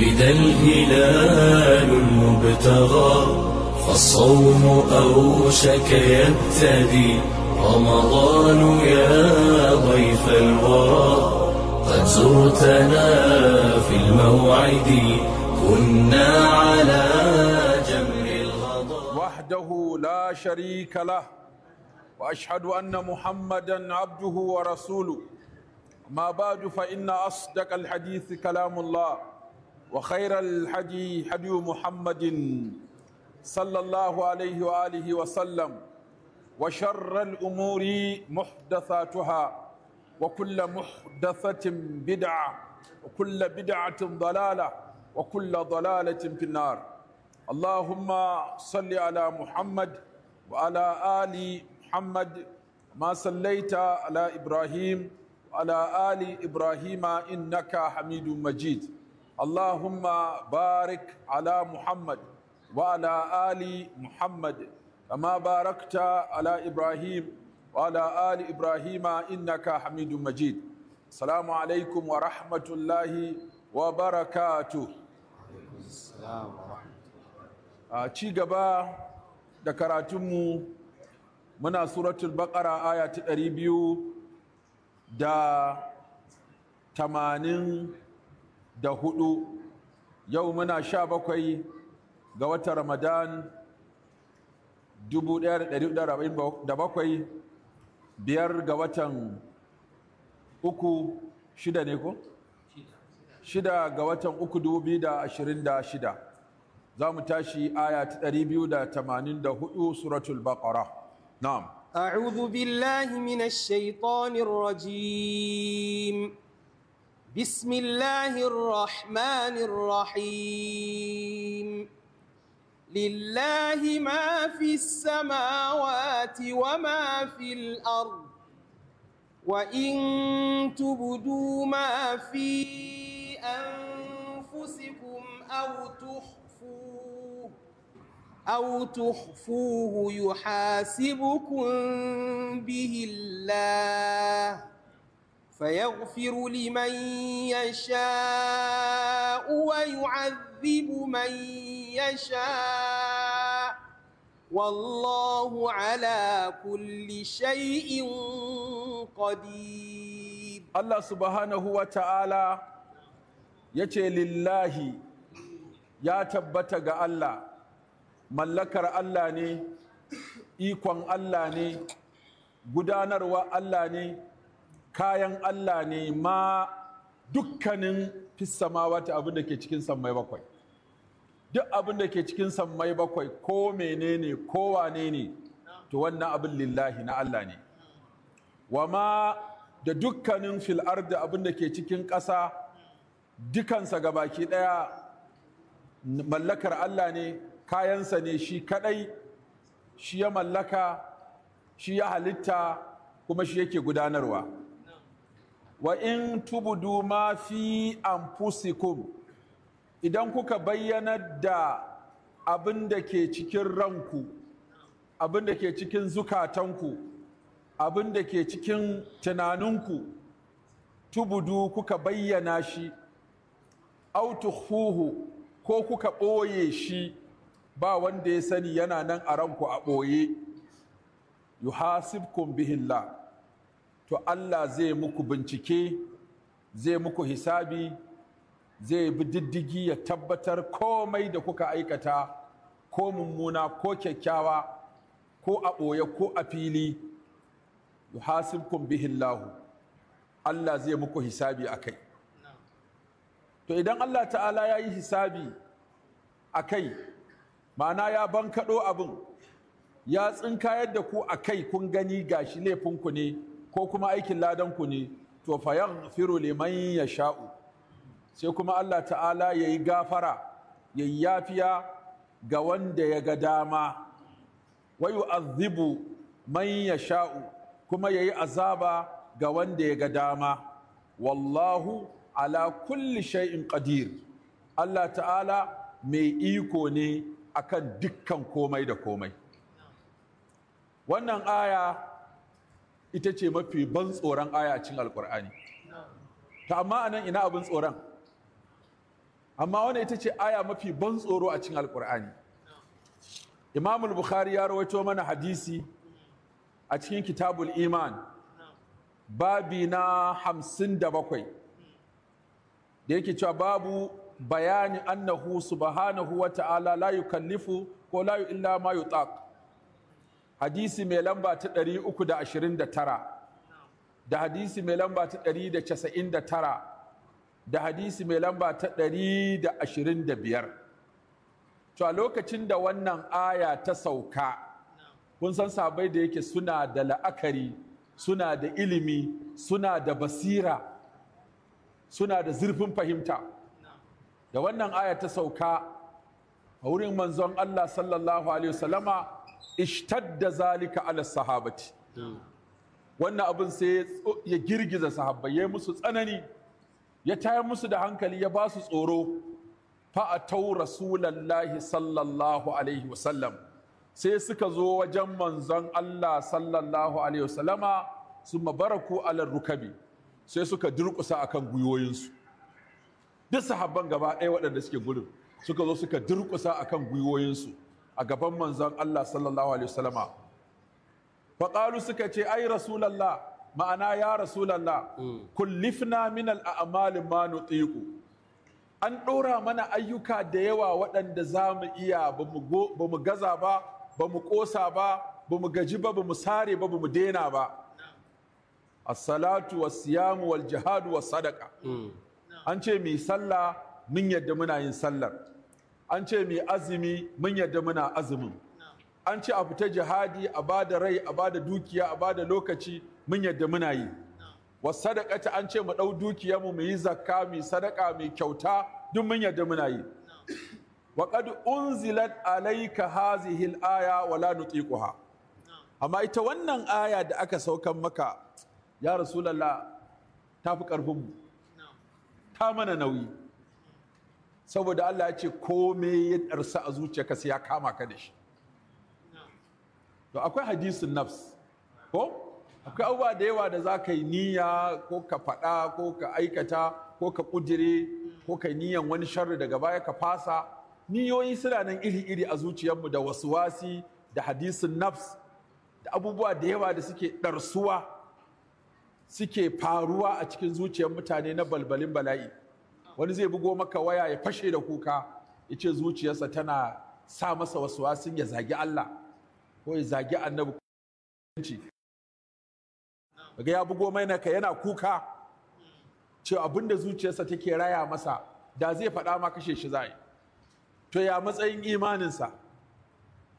ولد الهلال المبتغى فالصوم أوشك يبتدي رمضان يا ضيف الورى قد زرتنا في الموعد كنا على جمر الغضا وحده لا شريك له وأشهد أن محمدا عبده ورسوله ما بعد فإن أصدق الحديث كلام الله وخير الحدي حدي محمد صلى الله عليه وآله وسلم وشر الأمور محدثاتها وكل محدثة بدعة وكل بدعة ضلالة وكل ضلالة في النار اللهم صل على محمد وعلى آل محمد ما صليت على إبراهيم وعلى آل إبراهيم إنك حميد مجيد اللهم بارك على محمد وعلى آل محمد كما باركت على إبراهيم وعلى آل إبراهيم إنك حميد مجيد السلام عليكم ورحمة الله وبركاته ci gaba da karatunmu muna suratul baqara aya ta ɗari biyu da tamanin da hudu yau muna sha bakwai ga wata ramadan 1447 biyar ga watan uku shida ne ko? shida ga watan uku dubu da ashirin da shida za mu tashi aya ta ɗari biyu da tamanin da hudu suratul baqara na'am أعوذ بالله من الشيطان الرجيم بسم الله الرحمن الرحيم لله ما في السماوات وما في الأرض وإن تبدوا ما في أنفسكم أو تخفوه أو تخفوه يحاسبكم به الله فيغفر لمن يشاء ويعذب من يشاء والله على كل شيء قدير الله سبحانه وتعالى يتي لله يا تبتغ الله ملكر الله ني ikon Allah ne gudanarwa Allah ne kayan Allah ne ma dukkanin wata abin da ke cikin sammai bakwai duk abin da ke cikin sammai bakwai ko menene ko wane ne to wannan abin lillahi na Allah ne wa ma da dukkanin fil'ar da abin da ke cikin ƙasa dukansa baki ɗaya mallakar Allah ne kayansa ne shi kaɗai shi ya mallaka shi ya halitta kuma shi yake gudanarwa wa in tubudu mafi fi anfusikum idan kuka bayyanar da abin da ke cikin ranku abin da ke cikin zukatanku abin da ke cikin tunaninku tubudu kuka bayyana shi autuhuhu ko kuka ɓoye shi ba wanda ya sani yana nan a ranku a ɓoye yuhasibkum bihillah to Allah zai muku bincike zai muku hisabi zai bi diddigi ya tabbatar komai da kuka aikata ko mummuna ko kyakkyawa ko a ɓoye ko a fili yuhasibkum bihillahu Allah zai muku hisabi a kai to idan Allah ta'ala ya yi hisabi a kai ma'ana ya bankaɗo abin ya tsinka yadda ku a kai kun gani gashi laifinku ne ko kuma aikin ladanku ne to fa yaghfiru liman yasha'u sai kuma Allah ta'ala yayi gafara yayi yafiya ga wanda ya ga dama wa yu'adhibu man yasha'u kuma yayi azaba ga wanda ya ga dama wallahu ala kulli shay'in qadir Allah ta'ala mai iko ne akan dukkan komai da komai wannan aya ita ce mafi ban tsoron aya a alkur'ani ta amma a nan ina abin tsoron amma wani ita ce aya mafi ban tsoro a cikin alkur'ani Imamul bukhari ya rawaito mana hadisi a cikin kitabul iman babi na hamsin da bakwai da yake cewa babu bayani annahu subhanahu wa ta'ala la yukallifu ko la illa ma yutaq hadisi mai lamba ta 329 da hadisi mai lamba ta 199 da hadisi mai lamba ta biyar. to a lokacin da wannan aya ta sauka kun san sabai da yake suna da la'akari suna da ilimi suna da basira suna da zurfin fahimta da wannan aya ta sauka a wurin manzon Allah sallallahu alaihi wasallama ishtadda zalika ala sahabati wannan abin sai ya girgiza sahabbai ya musu tsanani ya tayar musu da hankali ya ba su tsoro fa a rasulallahi sallallahu alaihi wasallam sai suka zo wajen manzon Allah sallallahu alaihi wasallama su mabaraku ala rukabi sai suka durƙusa akan gwiwoyinsu duk sahabban gaba ɗaya waɗanda suke gudu. suka zo suka durƙusa akan gwiwoyinsu a gaban manzon Allah sallallahu alaihi wasallama suka ce ai rasulullah ma'ana ya rasulullah mm. kullifna min al'amali ma nutiqu an ɗora mana ayyuka da yawa waɗanda za mu iya ba mu gaza ba ba mu ƙosa ba ba mu gaji ba ba mu sare ba ba mu daina ba as-salatu was-siyamu wal-jihadu was-sadaqa mm. an ce mi sallah mun yadda muna yin sallar an ce mai azumi mun yarda muna azumin an ce a fita jihadi a ba da rai a ba da dukiya a ba da lokaci mun yarda muna yi wa sadakata an ce mu ɗau dukiyarmu mu yi zakka mai sadaka mai kyauta duk mun yarda muna yi wa qad unzilat alayka hazihi al-aya wa la nutiquha amma ita wannan aya da aka saukan maka ya rasulullah ta fi karfin ta mana nauyi saboda Allah ya ce komai ya ɗarsa a zuciya sai ya kama ka da shi to akwai hadisin nafs ko akwai abubuwa da yawa da za ka yi niyya ko ka faɗa ko ka aikata ko ka ƙudire ko ka niyyan wani sharri daga baya ka fasa niyoyi suna nan iri-iri a zuciyarmu da wasu wasi, da hadisin nafs da abubuwa da yawa da suke ɗarsuwa suke faruwa a cikin zuciyar mutane na balbalin bala'i wani zai bugo maka waya ya fashe da kuka ya ce zuciyarsa tana sa masa wasu wasin ya zagi Allah ko ya zagi annabi daga ya bugo mai naka yana kuka ce abinda zuciyarsa take raya masa da zai faɗa ma kashe shi zai to ya matsayin imaninsa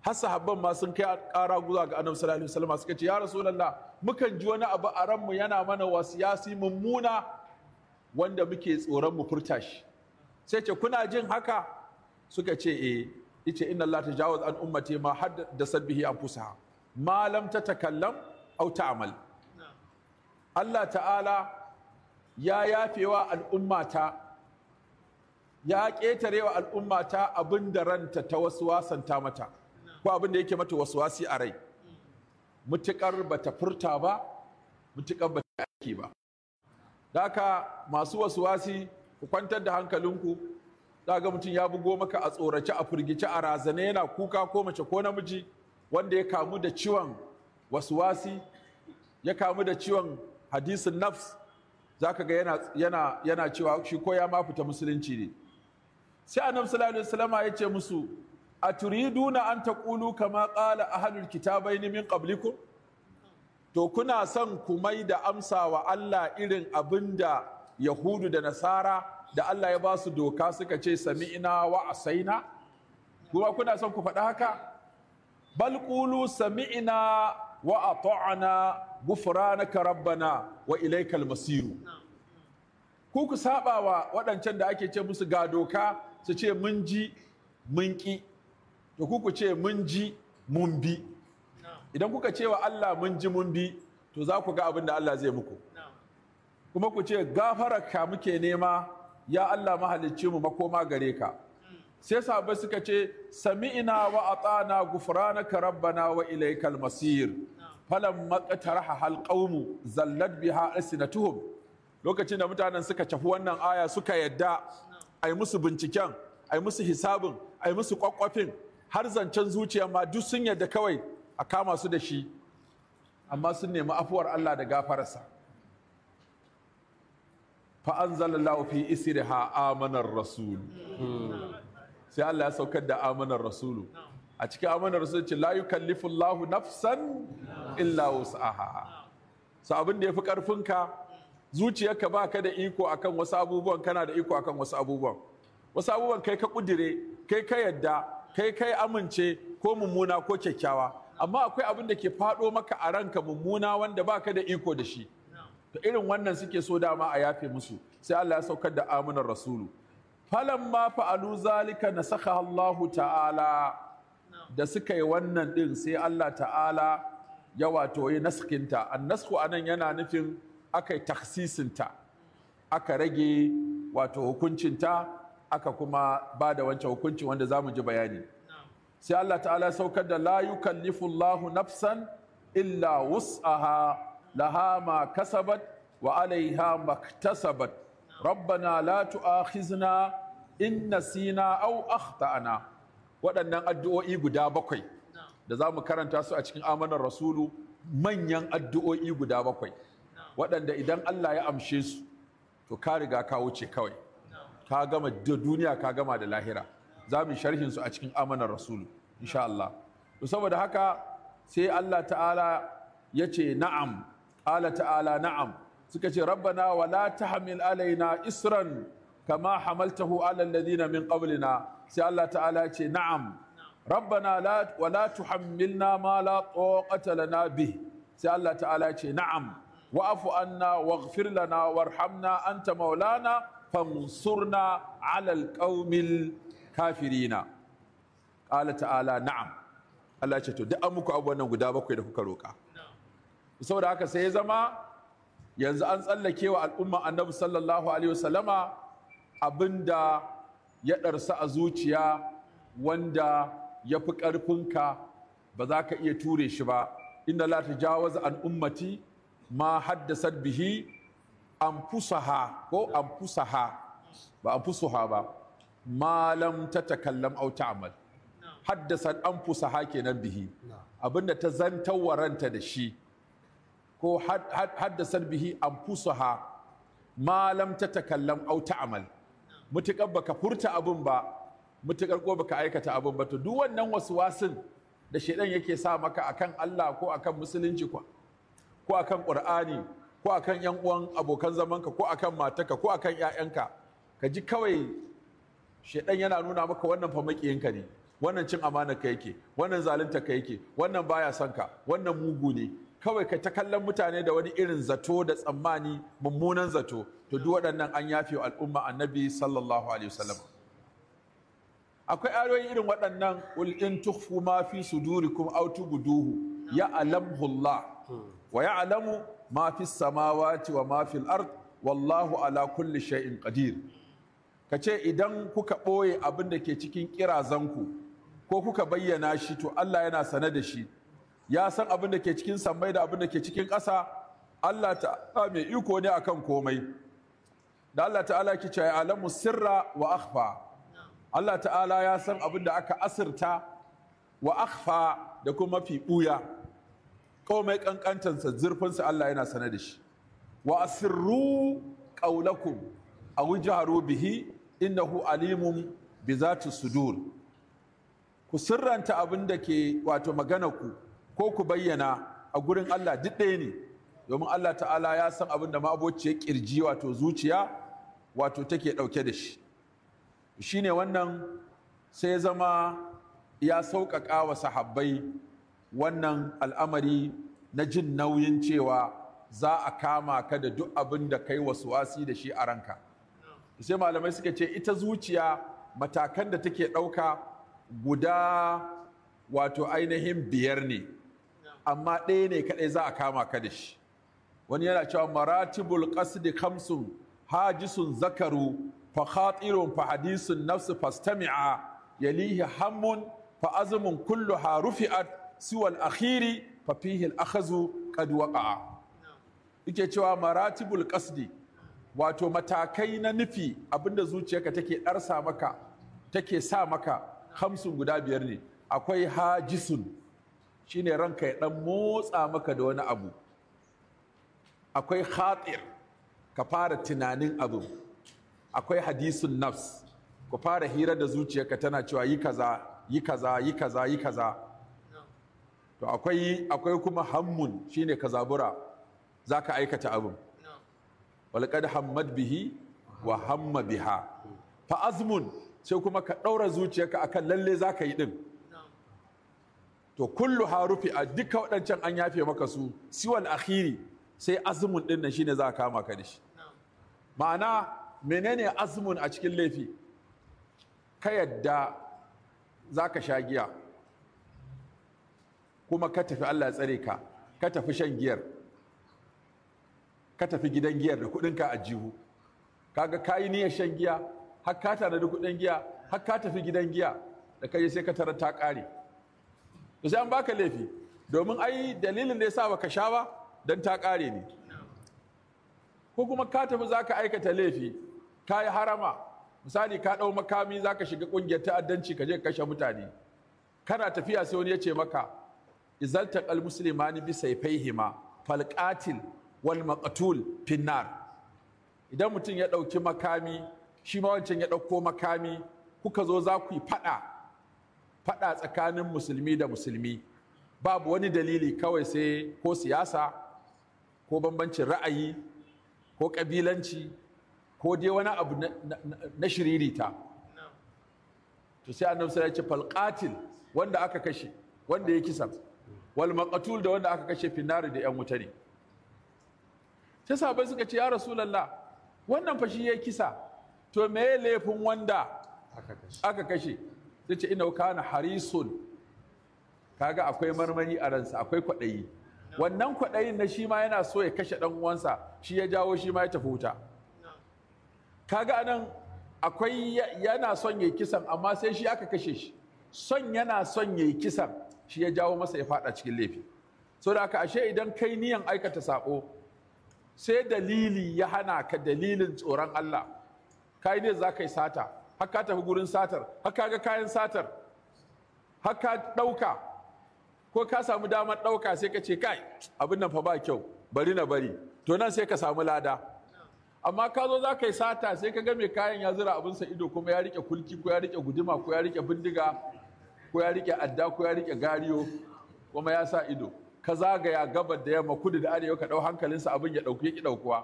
har sahabban ma sun kai ƙara guza ga annabi sallallahu alaihi wasallam suka ce ya rasulullah mukan ji wani abu a ranmu yana mana wasiyasi mummuna wanda muke tsoron mu furta shi sai ce kuna jin haka suka ce eh yace inna Allah tajawaz an ummati ma haddasat bihi anfusaha ma lam tatakallam aw ta'mal Allah ta'ala ya yafewa al'ummata ya ƙetarewa al'ummata abin da ranta ta wasu wasanta mata ko abin da yake mata wasu wasi a rai ba bata furta ba ba ta aiki ba daka masu wasuwasi ku kwantar da hankalinku za ga mutum ya bugo maka a tsorace a firgice a razane yana kuka ko mace ko namiji wanda ya kamu da ciwon wasuwasi ya kamu da ciwon hadisin nafs za ka ga yana, cewa shi ko ya ma fita musulunci ne sai annabi sallallahu alaihi ya ce musu a turiduna an taqulu kama hannun ahlul kitabaini min qablikum to kuna son ku mai da amsa wa Allah irin abin da Yahudu da Nasara da Allah ya ba su doka suka ce sami'ina wa asaina kuma kuna son ku faɗa haka bal sami'ina wa Gufura na rabbana wa ilaikal masiru ku ku saba wa waɗancan da ake ce musu ga doka su ce mun ji mun ki to ku ku ce mun ji mun bi idan kuka ce wa Allah mun ji mun bi to za ku ga abin da Allah zai muku kuma ku ce ka muke nema ya Allah mahalicci mu makoma gare ka sai sahabbai suka ce sami'ina wa atana gufranaka rabbana wa ilaikal masir falan maqtaraha hal qaumu zallat biha asnatuhum lokacin da mutanen suka cafi wannan aya suka yadda ai musu binciken ai musu hisabin ai musu kwakwafin har zancen zuciya ma duk sun yadda kawai a kama su da shi amma sun nemi afuwar Allah da gafararsa fa anzalallahu fi isriha amanar rasul sai Allah ya saukar da amanar rasulu a cikin amanar rasul ce la yukallifu Allahu nafsan illa wus'aha sa abin da yafi karfinka zuciyarka ba ka da iko akan wasu abubuwan kana da iko akan wasu abubuwan wasu abubuwan kai ka kudire kai ka yadda kai kai amince ko mummuna ko kyakkyawa amma akwai abin da ke faɗo maka a ranka mummuna wanda baka da iko da shi to irin wannan suke so dama a yafe musu sai Allah ya saukar da amunan rasulu falamma fa'alu zalika nasakha Allah ta'ala da suka yi wannan din sai Allah ta'ala ya wato yi naskinta a anan yana nufin aka yi taksisinta aka rage wato hukuncinta aka kuma ba da wancan hukuncin wanda za mu ji bayani sai Allah ta'ala saukar da la yukallifu nafsan illa wus'aha laha ma kasabat wa alaiha maktasabat rabbana la tu'akhizna in nasina aw akhtana waɗannan addu'o'i guda bakwai da za mu karanta su a cikin amanar rasulu manyan addu'o'i guda bakwai waɗanda idan Allah ya amshe su to ka riga ka wuce kawai ka gama da duniya ka gama da lahira za mu sharhin su a cikin amanar rasul insha Allah to saboda haka sai Allah ta'ala ya ce na'am ala ta'ala na'am suka ce rabbana wa la tahmil alaina isran kama hamaltahu ala alladhina min qablina sai Allah ta'ala ya ce na'am rabbana la wa la tuhammilna ma la taqata lana bih sai Allah ta'ala ce na'am wa'fu anna waghfir lana warhamna anta maulana fansurna ala alqaumil kafirina ƙala ta'ala na'am Allah ya ce to duk an muku abubuwan wannan guda bakwai da kuka roƙa saboda haka sai ya zama yanzu an tsallake wa al'umma annabi sallallahu alaihi wasallama abinda ya ɗarsa a zuciya wanda ya fi ƙarfinka ba za ka iya ture shi ba inda la ta jawaza an ummati ma haddasar bihi an fusaha ko an fusaha ba an fusuha ba malam ta takallam au ta'mal haddasa an fusaha kenan bihi abinda ta zantawa ranta da shi ko haddasa bihi an fusaha malam ta takallam au ta'mal mutukar baka furta abin ba mutukar ko baka aikata abin ba to duk wannan wasu wasin da shedan yake sa maka akan Allah ko akan musulunci ko ko akan Qur'ani ko akan yan uwan abokan zamanka ko akan mataka ko akan ƴaƴanka ka ji kawai shaidan yana nuna maka wannan fa ka ne wannan cin amana ka yake wannan zalunta ka yake wannan baya son ka wannan mugu ne kawai ka ta kallon mutane da wani irin zato da tsammani mummunan zato to duk waɗannan an yafe wa al'umma annabi sallallahu alaihi wasallam akwai ayoyi irin waɗannan ul in tukhfu ma fi sudurikum aw tubduhu ya'lamuhu Allah wa ya'lamu ma fi samawati wa ma fil ard wallahu ala kulli shay'in qadir ka ce idan kuka ɓoye abin da ke cikin ƙirazanku ko kuka bayyana shi to Allah yana sane da shi ya san abin da ke cikin sammai da abin da ke cikin ƙasa Allah ta'ala mai iko ne akan komai da Allah ta'ala ki ce alamu sirra wa akhfa Allah ta'ala ya san abin da aka asirta wa akhfa da kuma fi buya komai kankantansa sa Allah yana sane da shi wa asirru qaulakum a wujaharu bihi innahu alimun bi zati sudur ku sirranta abin da ke wato magana ku ko ku bayyana a gurin Allah duk ɗaya ne domin Allah ta'ala ya san abin da ma'abociyar ƙirji wato zuciya wato take ɗauke da shi Shi ne wannan sai zama ya sauƙaƙa wa sahabbai wannan al'amari na jin nauyin cewa za a kama ka da duk abin da kai wasu wasi da shi a ranka. sai malamai suka ce ita zuciya matakan da take ɗauka guda wato ainihin biyar ne amma ɗaya ne kaɗai za a kama ka da shi wani yana cewa maratibul qasdi khamsun hajisun zakaru fa khatirun fa hadisun nafsu fastami'a yalihi hammun fa azmun kullu harufi'at siwal akhiri fa fihi al akhzu qad waqa'a yake cewa maratibul qasdi wato matakai na nufi abinda zuciyarka take ɗarsa maka take sa maka hamsin guda biyar ne akwai hajisun shine ranka ya ɗan motsa maka da wani abu akwai khatir ka fara tunanin abu akwai hadisun nafs ku fara hira da zuciyarka tana cewa yi kaza yi kaza yi kaza yi kaza to akwai kuma hammun shine ka zabura ka aikata abin walqad hammad bihi wa hamma biha fa azmun sai kuma ka ɗaura zuciyarka akan lalle zaka yi ɗin. to kullu harufi a duka waɗancan an yafe maka su siwal akhiri sai azmun ɗin nan shine za ka kama ka dashi ma'ana menene azmun a cikin laifi ka yadda za ka sha giya kuma ka tafi Allah ya tsare ka ka tafi shan giyar ka tafi gidan giyar da kuɗinka a jihu kaga ka yi niyyar shan giya har ka tanadi kuɗin giya har ka tafi gidan giya da kai sai ka tarar ta ƙare to sai an baka laifi domin ai dalilin da yasa baka sha ba dan ta ƙare ne ko kuma ka tafi zaka aikata laifi ka yi harama misali ka ɗau makami zaka shiga ƙungiyar ta'addanci ka je ka kashe mutane kana tafiya sai wani ya ce maka izalta al muslimani bi fal falqatil wal maqtul finnar idan mutum ya ɗauki makami shi ma wancan ya ɗauko makami kuka zo za ku yi faɗa faɗa tsakanin musulmi da musulmi babu wani dalili kawai sai ko siyasa ko bambancin ra'ayi ko ƙabilanci ko dai wani abu na shiririta to sai annabi sai ya ce falqatil wanda aka kashe wanda ya kisa wal maqtul da wanda aka kashe finnar da yan wuta ne sai sahabbai suka ce ya lalla wannan fa shi ya kisa to me ya laifin wanda aka kashe sai ce ina na harisun kaga akwai marmari a ransa akwai kwaɗayi wannan kwaɗayin na shi ma yana so ya kashe ɗan uwansa shi ya jawo shi ma ya tafi wuta kaga anan akwai yana son yayi kisan amma sai shi aka kashe shi son yana son yayi kisan shi ya jawo masa ya faɗa cikin laifi Sau da aka ashe idan kai niyan aikata sako sai dalili ya hana ka dalilin tsoron Allah kai ne za ka yi sata har ka tafi gurin satar har ka ga kayan satar har ka ɗauka ko ka samu damar ɗauka sai ka ce kai abin nan fa ba kyau bari na bari to nan sai ka samu lada amma ka zo za ka yi sata sai ka ga mai kayan ya zura sa ido kuma ya rike kulki ko ya rike guduma ko ya rike bindiga ko ya rike adda ko ya rike gariyo kuma ya sa ido ka zagaya gabar da yamma kudu da arewa ka ɗau hankalinsa abin ya ɗauki ki ɗaukuwa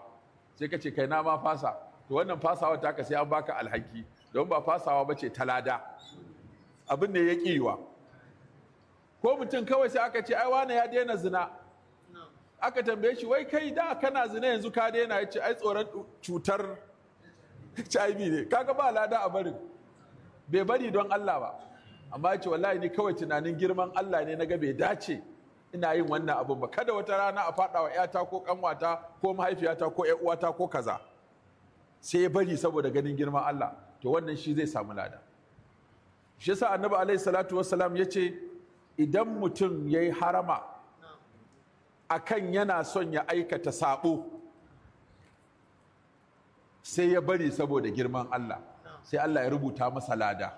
sai ka ce kai na ma fasa to wannan fasawa ta ka sai an baka alhaki don ba fasawa ba ce talada abin ne ya yiwa. ko mutum kawai sai aka ce ai wane ya daina zina aka tambaye shi wai kai da kana zina yanzu ka daina ya ce ai tsoron cutar HIV ne kaga ba lada a barin bai bari don Allah ba amma ya ce wallahi ni kawai tunanin girman Allah ne na ga bai dace ina yin wannan abin ba kada wata rana a faɗa wa 'yata ko kanwata ko mahaifiyata ko ƴa'uwata ko kaza sai ya bari saboda ganin girman Allah to wannan shi zai samu lada shi yasa annabi alaihi salatu wassalam ya ce idan mutum ya yi harama akan yana son ya aikata saɓo, sai ya bari saboda girman Allah sai Allah ya rubuta masa lada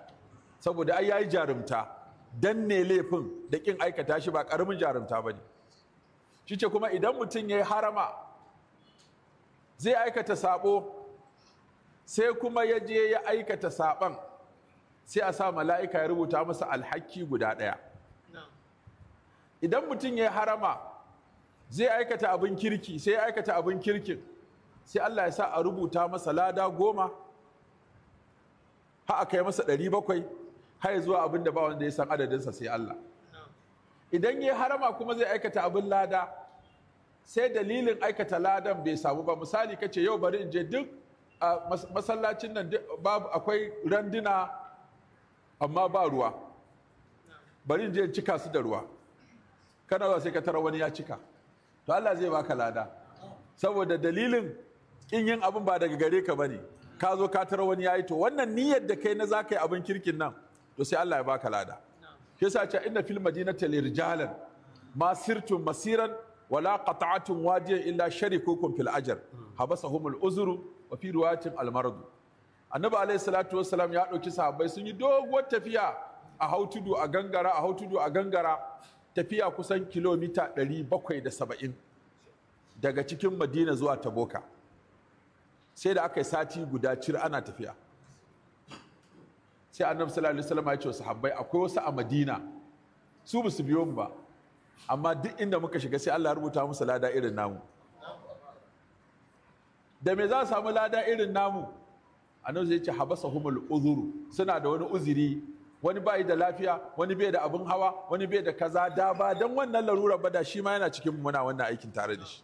saboda ai ya yi jarumta danne laifin da kin aikata shi ba karamin jarumta ba ne shi ce kuma idan mutum ya yi harama zai aikata sabo sai kuma ya je ya aikata saban sai a sa mala'ika ya rubuta masa alhaki guda ɗaya idan mutum ya yi harama zai aikata abin kirki sai ya aikata abin kirkin sai Allah ya sa a rubuta masa lada goma ha a kai masa ɗari bakwai har zuwa abin da ba wanda ya san adadinsa sai Allah idan ya harama kuma zai aikata abin lada sai dalilin aikata ladan bai samu ba misali kace yau bari in je duk masallacin nan babu akwai randuna amma ba ruwa bari in je cika su da ruwa kana zuwa sai ka tara wani ya cika to Allah zai baka lada saboda dalilin in yin abin ba daga gare ka bane ka zo ka tara wani yayi to wannan niyyar da kai na zaka yi abin kirkin nan to sai Allah ya baka lada yasa ce inna fil madinati lirjalan ma sirtum masiran wala qata'atum wadiyan illa sharikukum fil ajr habasahumul uzru wa fi riwayatin al marad annabi alayhi salatu wassalam ya dauki sahabbai sun yi doguwar tafiya a hautudu a gangara a hautudu a gangara tafiya kusan kilomita 770 daga cikin madina zuwa taboka sai da aka yi sati guda cir ana tafiya sai annabi sallallahu alaihi wasallam ya ce wa sahabbai akwai wasu a Madina su ba su biyo mu ba amma duk inda muka shiga sai Allah rubuta musu lada irin namu da me za su samu lada irin namu annabi zai ce habasa humul uzuru suna da wani uzuri wani bai da lafiya wani bai da abin hawa wani bai da kaza da ba dan wannan larura ba da shi ma yana cikin muna wannan aikin tare da shi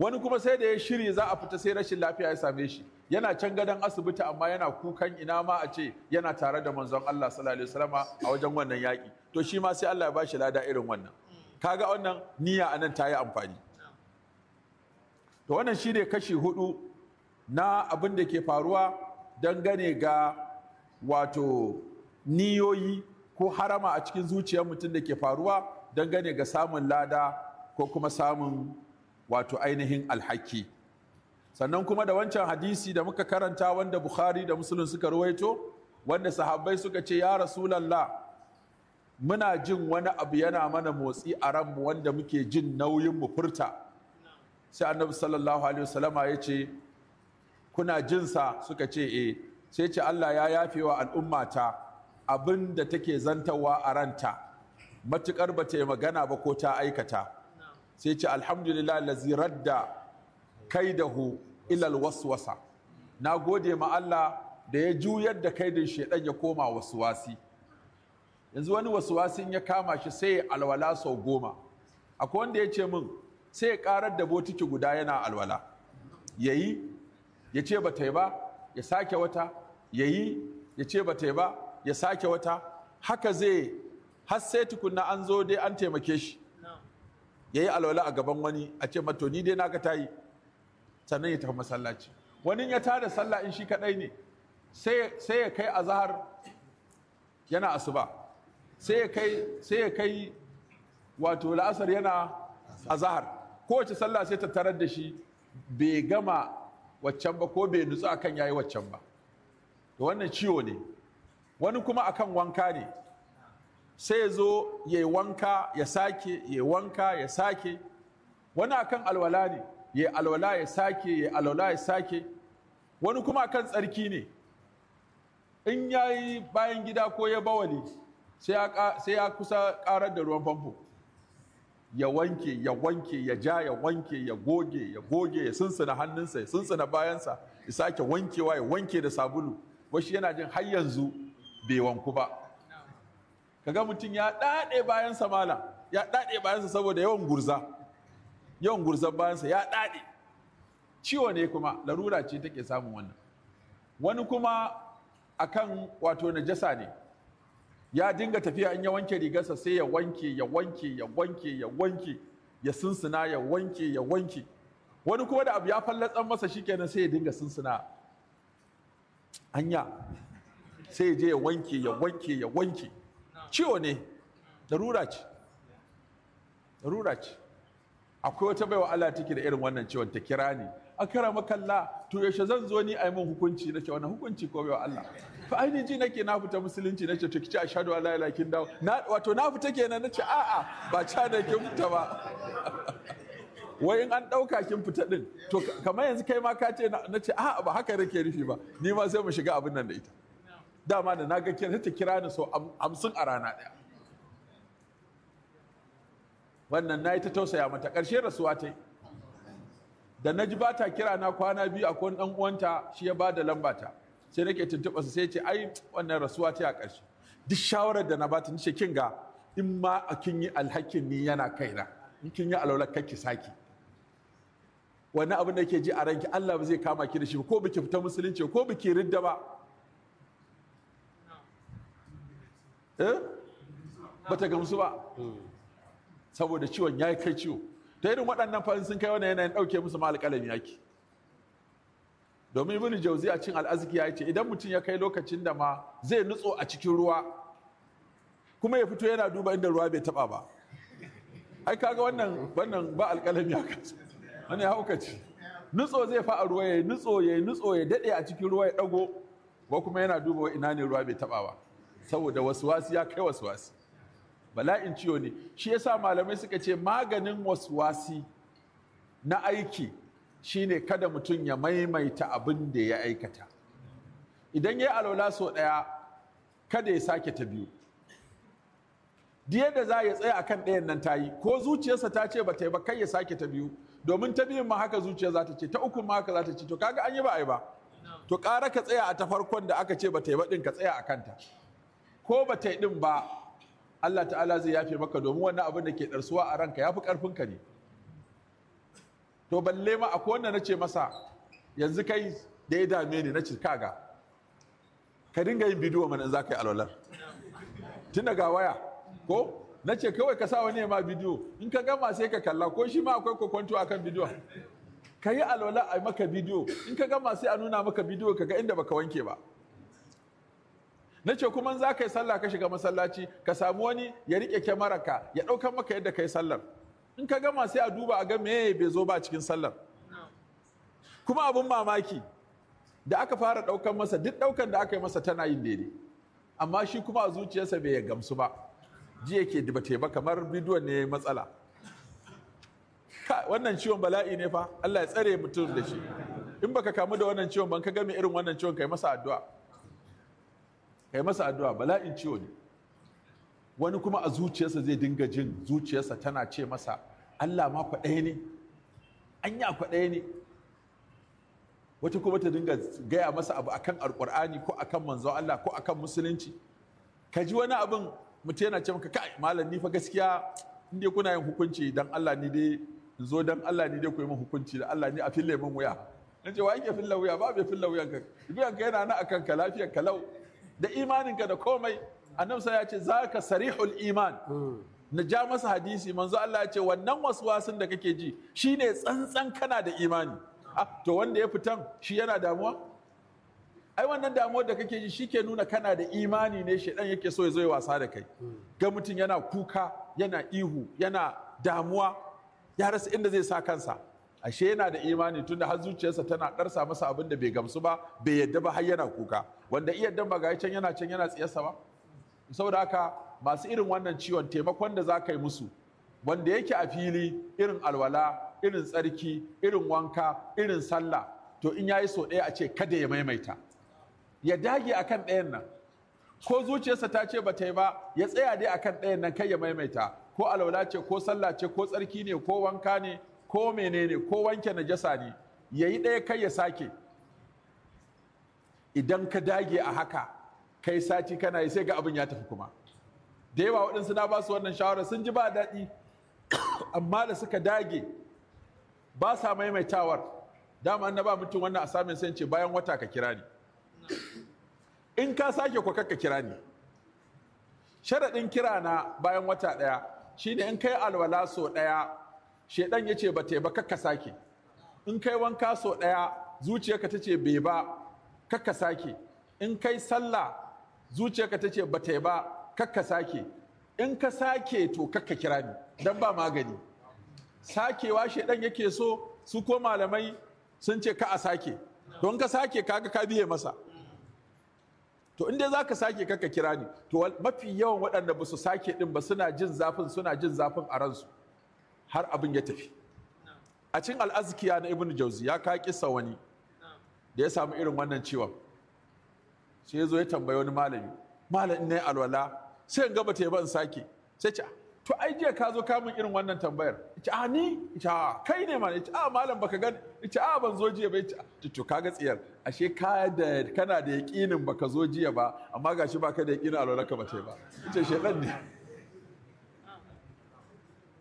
wani kuma sai da ya shirya za a fita sai rashin lafiya ya same shi yana can gadon asibiti amma yana kukan ina ma a ce yana tare da manzon Allah sallallahu alaihi a wajen wannan yaki to shi ma sai Allah ya bashi lada irin wannan kaga wannan niyya anan ta yi amfani to wannan shine kashi hudu na abin da ke faruwa dangane ga wato niyoyi ko harama a cikin zuciyar mutum da ke faruwa dangane ga samun lada ko kuma samun wato ainihin alhaki sannan kuma da wancan hadisi da muka karanta wanda bukhari da musulun suka ruwaito wanda sahabbai suka ce ya rasulallah muna jin wani abu yana mana motsi a ranmu wanda muke jin nauyin mu furta sai annabi sallallahu alaihi wasallama ya ce kuna jinsa suka ce eh sai ce Allah ya yafe wa al'ummata abin da take zantawa a ranta matukar ba ta yi magana ba ko ta aikata sai ce alhamdulillah da radda kaidahu ilal waswasa. na gode ma Allah da ya juyar da kai kaidin shaidan ya koma waswasi yanzu wani waswasin ya kama shi sai alwala sau goma akwai wanda ya ce min sai ya karar da botiki guda yana alwala yayi ya ce ba ta yi ba ya sake wata yayi ya ce ba ta yi ba ya sake wata haka zai har sai tukunna an zo dai an taimake shi ya yi alwala a gaban wani a ce mato ni dai na ta yi sannan ya tafi masallaci wani ya tada sallah in shi kadai ne sai ya kai zahar yana asuba sai ya kai sai ya kai wato la'asar yana azahar kowace sallah sai ta tarar da shi bai gama waccan ba ko bai nutsu akan yayi waccan ba to wannan ciwo ne wani kuma akan wanka ne sai ya zo ya yi wanka ya sake ya yi wanka ya sake wani akan alwala ne ya alwala ya sake ya alwala ya sake wani kuma kan tsarki ne in ya yi bayan gida ko ya bawali sai ya kusa karar da ruwan famfo ya wanke ya wanke ya ja ya wanke ya goge ya goge ya sunsuna hannunsa ya sunsuna bayansa ya sake wankewa ya wanke da sabulu wasu yana jin har yanzu bai wanku ba kaga mutum ya daɗe bayansa mala, ya daɗe bayansa saboda yawan gurza yawan gurzan bayansa ya daɗe ciwo ne kuma larura ce take samun wannan wani kuma akan wato najasa ne ya dinga tafiya in ya wanke rigarsa sai ya wanke ya wanke ya wanke ya wanke ya sunsuna ya wanke ya wanke wani kuma da abu ya fallatsan masa shikenan sai ya dinga sunsuna hanya sai ya je ya wanke ya wanke ya wanke ciwo ne darura ce darura ce akwai wata baiwa Allah take da irin wannan ciwon ta kira ni a kara makalla to yaushe zan zo ni a yi min hukunci na ce wannan hukunci ko baiwa Allah fa ainihin ji nake na fita musulunci na ce to kici a an la ilaha kin dawo na wato na fita kenan na ce a'a ba ca da kin fita ba wai in an dauka kin fita din to kamar yanzu kai ma ka ce na ce a'a ba haka rake rufi ba ni ma sai mu shiga abin nan da ita dama da na ga kira ta kira ni so amsin a rana ɗaya wannan na yi ta tausaya mata ƙarshe rasuwa ta yi da na ji ba ta kira na kwana biyu a kwan ɗan uwanta shi ya ba da lamba ta sai nake tuntuɓa su sai ce ai wannan rasuwa ta a ƙarshe duk shawarar da na ba ta nishe kin ga in ma a kin yi alhakin ni yana kaina in kin yi alaular kakki saki Wani abin da ke ji a ranki Allah ba zai kama ki da shi ko biki fita musulunci ko biki ridda ba Eh? ba ta gamsu ba saboda ciwon ya kai ciwo ta irin waɗannan fa'in sun kai wani yanayin ɗauke musu ma alƙalin yaki domin ibn jauzi a cin al'aziki ya ce idan mutum ya kai lokacin da ma zai nutso a cikin ruwa kuma ya fito yana duba inda ruwa bai taba ba ai kaga wannan wannan ba ya haka wani ya ci nutso zai fa a ruwa ya nutso ya nutso ya dade a cikin ruwa ya dago ko kuma yana duba ina ne ruwa bai taba ba saboda waswasi ya kai waswasi bala'in ciwo ne shi yasa malamai suka ce maganin waswasi na aiki shine kada mutum ya maimaita abin da ya aikata idan ya alwala sau ɗaya kada ya sake ta biyu diya da za ya tsaya akan ɗayan nan ta yi ko zuciyarsa ta ce ba ta yi ba kai ya sake ta biyu domin ta biyun ma haka zuciya za ta ce ta uku ma haka za ta ce to kaga an yi ba a yi ba to ƙara ka tsaya a ta farkon da aka ce ba ta yi ba ɗin ka tsaya a kanta ko ba ta yi ɗin ba Allah ta'ala zai yafe maka domin wannan abin da ke ɗarsuwa a ranka ya fi ƙarfinka ne to balle ma akwai wanda na ce masa yanzu kai da ya dame ni na ce ga ka dinga yin bidiyo mana za ka yi alwalar tun daga waya ko na ce kawai ka sa wani ma bidiyo in ka gama sai ka kalla ko shi ma akwai kokonto a kan bidiyo ka yi alwala a maka bidiyo in ka gama sai a nuna maka bidiyo ka ga inda baka wanke ba na ce kuma za ka yi sallah ka shiga masallaci ka samu wani ya riƙe kyamararka ya ɗaukar maka yadda ka yi sallar in ka gama sai a duba a ga me bai zo ba cikin sallar kuma abin mamaki da aka fara ɗaukan masa duk ɗaukan da aka yi masa tana yin daidai amma shi kuma a zuciyarsa bai ya gamsu ba ji yake dibate ba kamar bidiyon ne matsala wannan ciwon bala'i ne fa Allah ya tsare mutum da shi in baka kamu da wannan ciwon ban ka ga irin wannan ciwon kai masa addu'a kai masa addu'a bala'in ciwo ne wani kuma a zuciyarsa zai dinga jin zuciyarsa tana ce masa Allah ma ɗaya ne anya ɗaya ne wata kuma ta dinga gaya masa abu akan alkur'ani ko akan Manzo Allah ko akan musulunci ka ji wani abin mutum yana ce maka kai malam ni fa gaskiya in dai kuna yin hukunci dan Allah ni dai in zo dan Allah ni dai ku yi min hukunci da Allah ni a fille min wuya na ce wa yake fille wuya ba bai fille wuyan ka biyan ka yana na akan ka lafiyar ka lau da imaninka da komai annabsa ya ce za ka sarihul iman hmm. na ja masa hadisi manzo Allah ya ce wannan waswasin da kake ji shine tsantsan kana da imani ah, to wanda ya fitan shi yana damuwa ai wannan damuwar da kake ji shi ke nuna kana da imani ne ɗan yake so ya zo wasa da kai hmm. ga mutum yana kuka yana ihu yana damuwa ya rasa inda zai sa kansa ashe yana da imani tunda har zuciyarsa tana ɗarsa masa abin da bai gamsu ba bai yadda ba har yana kuka wanda iya dan ba can yana can yana tsiyarsa ba saboda haka masu irin wannan ciwon taimakon da za ka yi musu wanda yake a fili irin alwala irin tsarki irin wanka irin sallah to in yayi so ɗaya a ce kada ya maimaita ya dage akan ɗayan nan ko zuciyarsa ta ce ba ta yi ba ya tsaya dai akan ɗayan nan kai ya maimaita ko alwala ce ko sallah ce ko tsarki ne ko wanka ne ko menene ko wanke najasa ne yayi ɗaya kai ya sake idan ka dage a haka kai sati kana yi sai ga abin ya tafi kuma da yawa waɗansu na basu su wannan shawara sun ji ba daɗi amma da suka dage ba sa maimaitawar dama na ba mutum wannan asamin sai ce bayan wata ka kira ni in ka sake kwa ka kira ni sharaɗin kira na bayan wata ɗaya shine in kai alwala so ɗaya shaidan ya ce ba ta ba kakka sake in kai wanka so ɗaya zuciyarka ta ce bai ba kakka sake in kai sallah zuciyarka ta ce bata yi ba kakka sake in ka sake to kakka kira ni dan ba magani sakewa shedan yake so su ko malamai sun ce ka a sake don ka sake kaga ka biye masa to inda za ka sake kaka kira ni to mafi yawan waɗanda ba su sake ɗin ba suna jin zafin suna jin zafin a ransu har abin ya tafi a cikin al'azkiya na ibnu jauzi ya ka kisa wani da ya samu irin wannan ciwon sai ya zo ya tambayi wani malami Malami ne alwala sai in gaba ta yi ban sake sai ce to ai jiya ka zo kamun irin wannan tambayar ce a ni ce a kai ne ma ce a malam baka gan ce a ban zo jiya ba ce to kaga tsiyar ashe ka da kana da yaqinin baka zo jiya ba amma gashi baka da yaqinin alwala ka bace ba ce shedan ne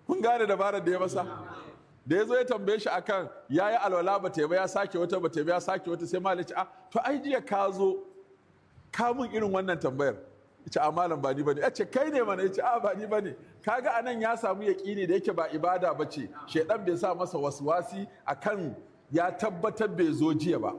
kun gane dabarar da ya masa da ya zo ya tambaye shi akan ya yi alwala ba ba ya sake wata ba ba ya sake wata sai malam ce a ah, to ai jiya ka zo ka mun irin wannan tambayar ce a ah, malam ba ni bane ya ce kai ne mana ya ce a ah, ba ni bane kaga anan ya samu ne da yake ba ibada ba ce shaidan bai sa masa waswasi akan ya tabbatar bai zo jiya ba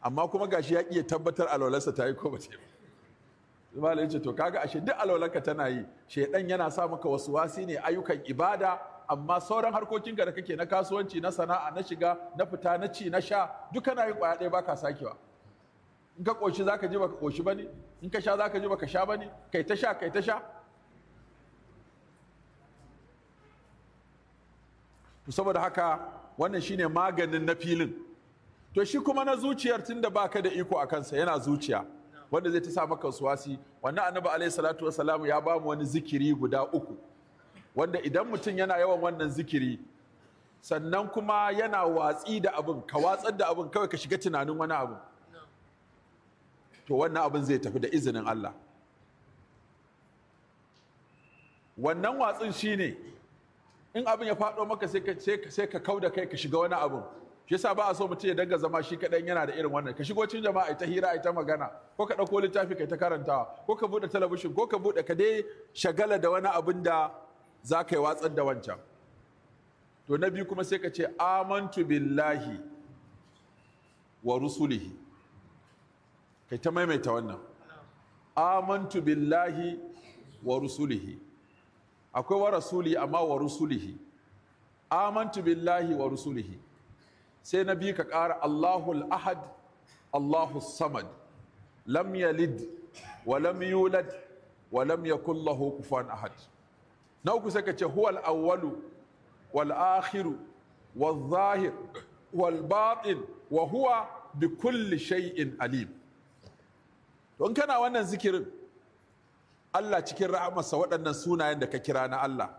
amma kuma gashi ya iya tabbatar alwalarsa ta yi ko ba ta yi malam ya ce to kaga ashe duk alwalarka tana yi shaidan yana sa maka waswasi ne ayyukan ibada amma sauran harkokin da kake na kasuwanci na sana'a na shiga na fita na ci na sha duk kana yin kwaya ɗaya baka sakewa in ka koshi zaka ji baka koshi bane in ka sha zaka ji baka sha bane kai ta sha kai ta sha to saboda haka wannan shine maganin na filin to shi kuma na zuciyar tunda baka da iko a kansa yana zuciya wanda zai ta sa maka suwasi wannan annabi alaihi salatu wasalamu ya ba mu wani zikiri guda uku wanda idan mutum yana yawan wannan zikiri sannan kuma yana watsi da abin ka watsar da abin kawai ka shiga tunanin wani abin to wannan abin zai tafi da izinin Allah wannan watsin shi ne, in abin ya faɗo maka sai ka kau da kai ka shiga wani abin shi yasa ba a so mutum ya danga zama shi kaɗan yana da irin wannan ka shigo cikin jama'a ita hira ita magana ko ka ɗauko littafi ka ta karantawa ko ka buɗe talabishin ko ka buɗe ka dai shagala da wani abin da za ka yi watsar da wancan to na biyu kuma sai ka ce amantu billahi wa rusulihi kai ta maimaita wannan amantu billahi wa rusulihi akwai wa rasuli amma wa rusulihi amantu billahi wa rusulihi sai na biyu ka ƙara allahul ahad allahu samad lam yalid wa lam yulad wa lam yakul lahu kufuwan ahad na uku sai ka ce huwal awwalu wal akhiru wal zahir wal batin wa huwa bi kulli shay'in alim don kana wannan zikirin Allah cikin ra'amarsa waɗannan sunayen da ka kira na Allah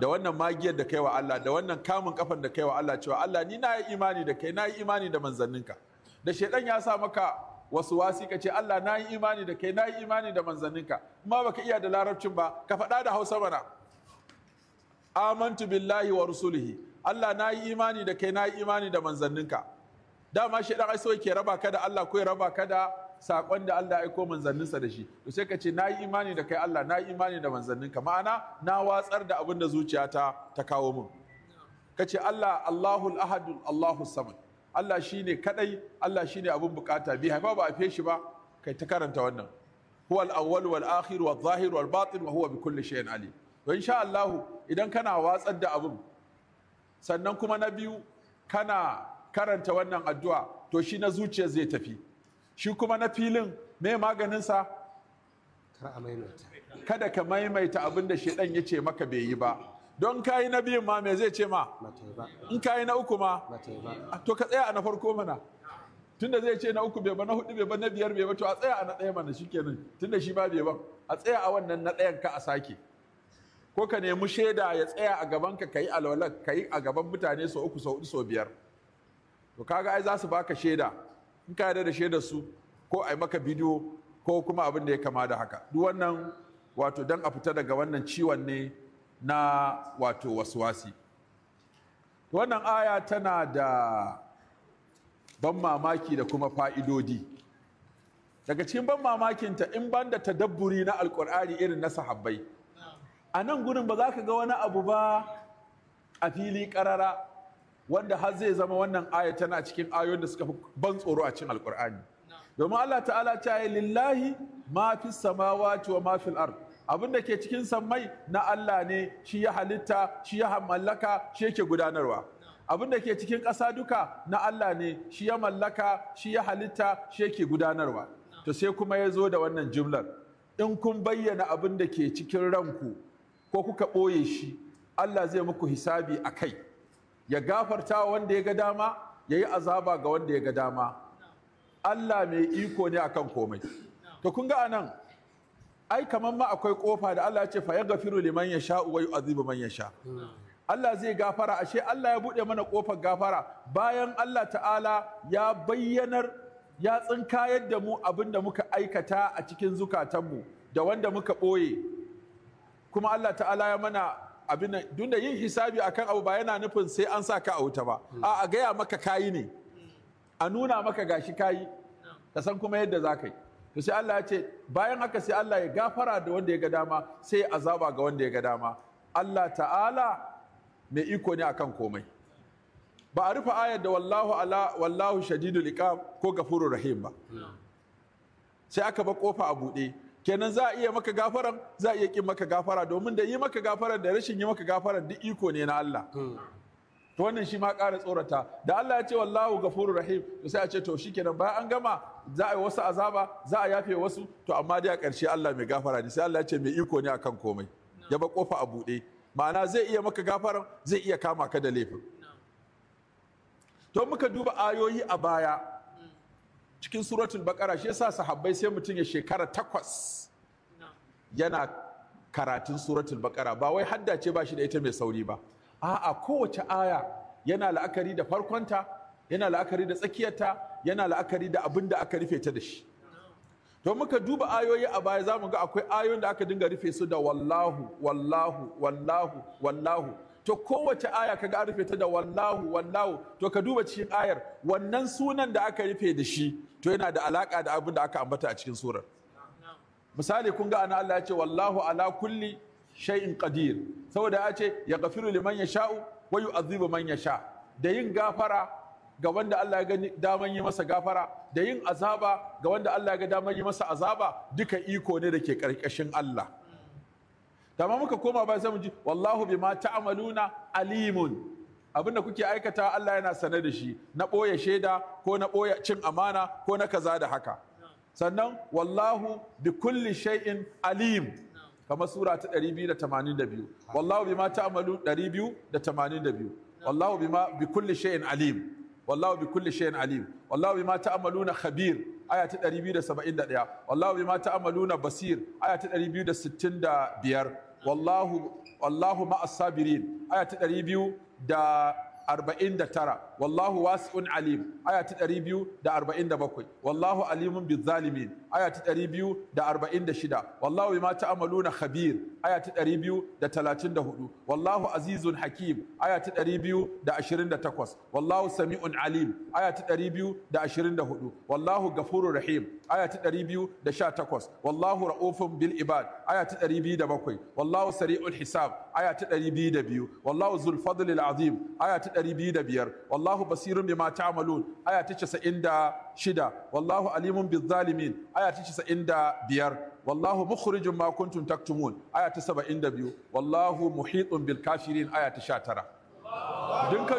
da wannan magiyar da kai wa Allah da wannan kamun kafan da kai wa Allah cewa Allah ni na yi imani da kai na yi imani da manzanninka da shaidan ya sa maka wasu wasi ka ce Allah na yi imani da kai na yi imani da manzanninka ma baka iya da larabcin ba ka faɗa da Hausa mana amantu billahi wa rusulihi Allah na yi imani da kai na yi imani da manzanninka dama shi dan aiso yake raba ka da Allah ko ya raba ka da sakon da Allah aiko manzanninsa da shi to sai ka ce na yi imani da kai Allah na yi imani da manzanninka ma'ana na watsar da abin da zuciyata ta kawo mun. Kace ce Allah Allahul Ahad Allahus Samad Allah shine kadai Allah shine abun bukata bi haifa ba a fe shi ba kai ta karanta wannan huwal awwal wal akhir wal zahir wal batin wa huwa bi kulli shay'in alim don sha Allahu idan kana watsar da abin sannan kuma na biyu kana karanta wannan addu'a to shi na zuciya zai tafi shi kuma na filin me maganinsa kada ka maimaita abin da shaidan ya ce maka bai yi ba don yi na biyun ma me zai ce ma in yi na uku ma ah, to ka tsaya a na farko mana tunda zai ce na uku bai ba na hudu bai ba na biyar bai ba to a tsaya a na ɗaya mana shikenan tunda shi ba bai ba a tsaya a wannan na ɗayan ka a sake ko ka nemi shaida ya tsaya a gabanka ka kai alwala kai a gaban mutane sau uku sau sau biyar to kaga ai za su baka shaida in ka yarda da shaida su ko ai maka bidiyo ko kuma abin da ya kama da haka duk wannan wato dan a fita daga wannan ciwon ne na wato waswasi wannan aya tana da ban mamaki da kuma fa'idodi daga cikin ban mamakinta in ban da tadabburi na alkur'ani irin na sahabbai a nan gudun ba za ka ga wani abu ba a fili karara wanda har zai zama wannan aya tana cikin ayoyin da suka fi ban tsoro a cikin alkur'ani domin Allah ta'ala ta yi lillahi ma fi samawa wa ma fi abin da ke cikin sammai na Allah ne shi ya halitta shi ya mallaka shi yake gudanarwa abin da ke cikin ƙasa duka na Allah ne shi ya mallaka shi ya halitta shi yake gudanarwa to sai kuma ya zo da wannan jimlar. in kun bayyana abin da ke cikin ranku ko kuka ɓoye shi Allah zai muku hisabi a kai ya gafarta wanda ya ga dama ya yi azaba ga wanda ya ga dama Allah mai iko ne akan komai to kun ga anan ai kamar ma akwai kofa da Allah ya ce fa gafiru liman yasha wa yu'adhibu man ya sha. Allah zai gafara ashe Allah ya bude mana kofar gafara bayan Allah ta'ala ya bayyanar ya tsinkayar da mu abin da muka aikata a cikin zukatanmu da wanda muka ɓoye kuma Allah ta'ala ya mana abin duk da yin hisabi akan abu ba yana nufin sai an sa ka a wuta ba hmm. a a gaya maka kayi ne a nuna maka gashi kayi ka san kuma yadda za ka yi to sai Allah ya ce bayan haka sai Allah ya gafara da wanda ya ga dama sai ya azaba ga wanda ya ga dama Allah ta'ala mai iko ne akan komai ba a rufe ayar da wallahu ala wallahu shadidul iqam ko gafurur rahim ba hmm. sai aka ba kofa a buɗe kenan za a iya maka gafaran za a iya ƙin maka gafara domin da yi maka gafaran da rashin yi maka gafaran duk iko ne na Allah hmm. to wannan shi ma ƙara tsorata da Allah ya ce wallahu gafuru rahim to sai a ce to shikenan bayan an gama za a yi wasu azaba za a yafe wasu to amma dai a ƙarshe Allah mai gafara ne sai Allah ya ce mai iko ne akan komai ya ba kofa a buɗe ma'ana zai iya maka gafaran zai iya kama ka da laifin to muka duba ayoyi a baya cikin suratul bakara shi yasa sahabbai sai mutum ya shekara takwas yana karatun suratul bakara ba wai hadda ce ba shi da ita mai sauri ba a'a kowace aya yana la'akari da farkonta yana la'akari da tsakiyarta yana la'akari da abin da aka rufe ta da shi To muka duba ayoyi a baya za mu ga akwai ayoyin da aka dinga rufe su da wallahu wallahu wallahu wallahu to kowace aya kaga an rufe ta da wallahu wallahu to ka duba cikin ayar wannan sunan da aka rufe da shi to yana da alaka da abin da aka ambata a cikin surar misali kun ga ana Allah ya ce wallahu ala kulli shay'in qadir saboda ya ce ya gafiru liman yasha'u wa yu'adhibu man yasha da yin gafara ga wanda Allah ya gani daman yi masa gafara da yin azaba ga wanda Allah ya ga daman yi masa azaba duka iko ne da ke karkashin Allah dama muka koma ba sai mu ji wallahu bima ta'maluna alimun abinda kuke aikata Allah yana sane da shi na ɓoye shaida ko na ɓoye cin amana ko na kaza da haka sannan wallahu bi kulli shay'in alim kamar sura ta 282 wallahu bima ta'malu 282 wallahu bima bi kulli shay'in alim wallahu bi kulli shay'in alim wallahu bima ta'maluna khabir aya ta 271 wallahu bima ta'maluna basir aya ta 265 wallahu wallahu ma'as sabirin aya ta 249 wallahu wasi'un alim aya ta ɗari biyu da da arba'in bakwai. wallahu alimun bizzalimin aya ta ɗari biyu da da arba'in shida. wallahu bima ta'maluna khabir aya ta ɗari biyu da da talatin hudu. wallahu azizun hakim aya ta ɗari biyu da da ashirin takwas. wallahu sami'un alim aya ta ɗari biyu da da ashirin hudu. wallahu ghafurur rahim aya ta ɗari biyu da sha takwas. wallahu ra'ufun bil ibad aya ta ɗari biyu da bakwai. wallahu sari'ul hisab aya ta ɗari biyu da biyu. wallahu Zulfadlil azim aya ta ɗari biyu da biyar. wallahu basirun bima ta'malun aya ta 96 wallahu alimun bizzalimin aya ta 95 wallahu mukhrijum ma kuntum taktumun aya ta 72 wallahu muhitun bil kafirin aya ta 19 din ka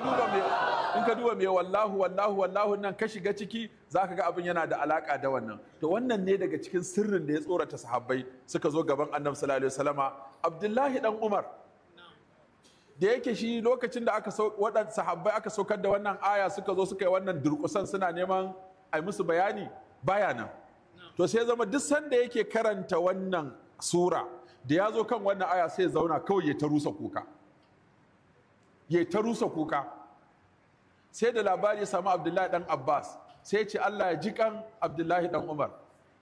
ka duba me wallahu wallahu wallahu nan ka shiga ciki zaka ga abin yana da alaka da wannan to wannan ne daga cikin sirrin da ya tsorata sahabbai suka zo gaban annabi sallallahu alaihi abdullahi dan umar da yake shi lokacin da aka waɗanda sahabbai aka saukar da wannan aya suka zo suka yi wannan durƙusan suna neman a musu bayani baya nan to sai zama duk sanda yake karanta wannan sura da ya zo kan wannan aya sai zauna kawai ya ta rusa kuka ya ta rusa kuka sai da labari ya samu abdullahi ɗan abbas sai ce allah ya ji kan abdullahi ɗan umar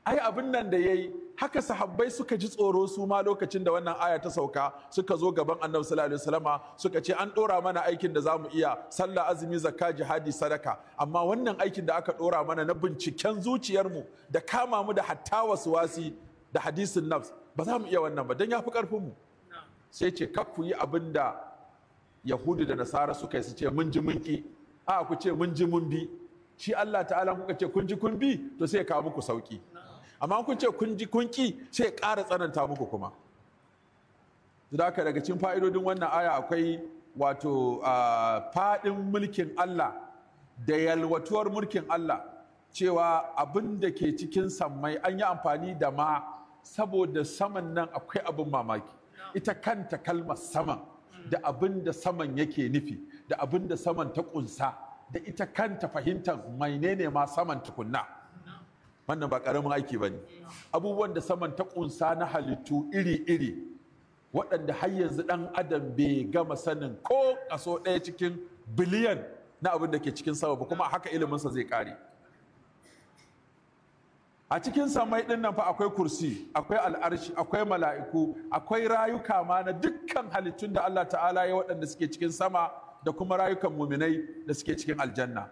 ai abin nan da yayi haka sahabbai suka ji tsoro su ma lokacin da wannan aya ta sauka suka zo gaban annabi sallallahu alaihi wasallama suka ce an dora mana aikin da zamu iya sallah azumi zakka jihadi sadaka amma wannan aikin da aka dora mana na binciken zuciyar mu da kama mu da hatta wasi da hadisin nafs ba za mu iya wannan ba dan yafi karfin mu sai ce kak ku yi abin da yahudu da nasara suka yi su ce mun ji mun ki a ku ce mun ji mun bi shi Allah ta'ala kuka ce kun ji kun bi to sai ya kawo muku sauki amma kun ce kun ji kun ki sai ƙara tsananta muku kuma da daga cikin fa'idodin wannan aya akwai wato faɗin mulkin Allah da yalwatuwar mulkin Allah cewa abin da ke cikin sammai an yi amfani da ma saboda saman nan akwai abin mamaki ita kanta kalmar saman da abin da saman yake nufi da abin da saman ta ƙunsa da ita kanta fahimtar mai ne ma saman tukunna. wannan ba karamin aiki ba ne abubuwan da saman ta ƙunsa na halittu iri-iri waɗanda har yanzu ɗan adam bai gama sanin ko kaso ɗaya cikin biliyan na abin da ke cikin sama ba kuma haka iliminsa zai ƙare a cikin samai ɗin nan fa akwai kursi akwai al'arshi akwai mala'iku akwai rayuka ma na dukkan halittun da Allah ta'ala ya waɗanda suke cikin sama da kuma rayukan muminai da suke cikin aljanna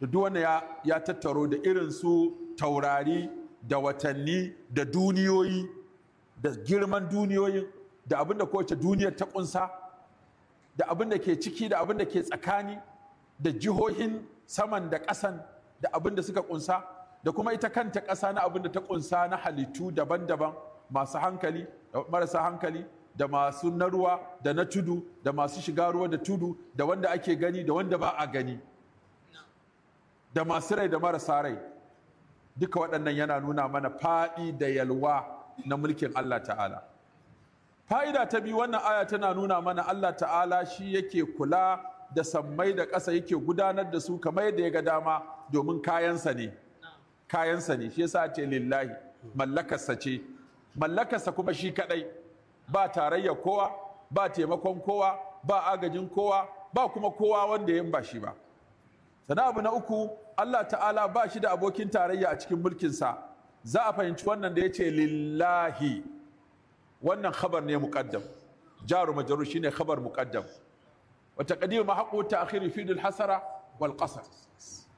to duk wanda ya, tattaro da irin su taurari da watanni da duniyoyi da girman duniyoyin da abin da kowace duniyar ta kunsa da abin da ke ciki da abin da ke tsakani da jihohin saman da ƙasan da abin da suka kunsa da kuma ita kanta ƙasa na abin da ta kunsa na halittu daban-daban masu hankali da marasa hankali da masu na ruwa da na tudu da masu shiga ruwa da tudu da wanda ake gani da wanda ba a gani da masu rai da marasa rai duka waɗannan yana nuna mana faɗi da yalwa na mulkin Allah ta'ala fa'ida ta biyu wannan aya tana nuna mana Allah ta'ala shi yake kula da sammai da ƙasa yake gudanar da su kamar yadda ya ga dama domin kayansa ne kayansa ne shi yasa ce lillahi mallakarsa ce mallakarsa kuma shi kaɗai ba tarayya kowa ba taimakon kowa ba agajin kowa ba kuma kowa wanda ya ba shi ba sana abu na uku Allah ta'ala ba shi da abokin tarayya a cikin mulkinsa za a fahimci wannan da ya ce lillahi wannan khabar ne muqaddam jaru majaru shine khabar muqaddam wa taqdimu haqqu ta'khir fi al-hasara wal ƙasar.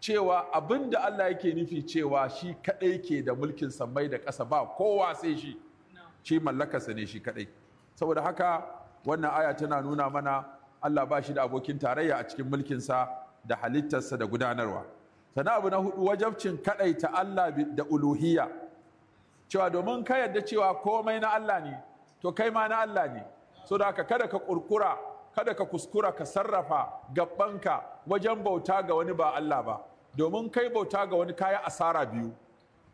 cewa abinda Allah yake nufi cewa shi kadai ke da mulkin sammai da ƙasa ba kowa sai shi shi mallakarsa ne shi kadai saboda haka wannan aya tana nuna mana Allah ba shi da abokin tarayya a cikin mulkinsa da halittarsa da gudanarwa sana abu na hudu wajabcin ta Allah da uluhiyya cewa domin ka yarda cewa komai na Allah ne to kai ma na Allah ne so da haka kada ka kurkura kada ka kuskura ka sarrafa gabbanka wajen bauta ga wani ba Allah ba domin kai bauta ga wani kayi asara biyu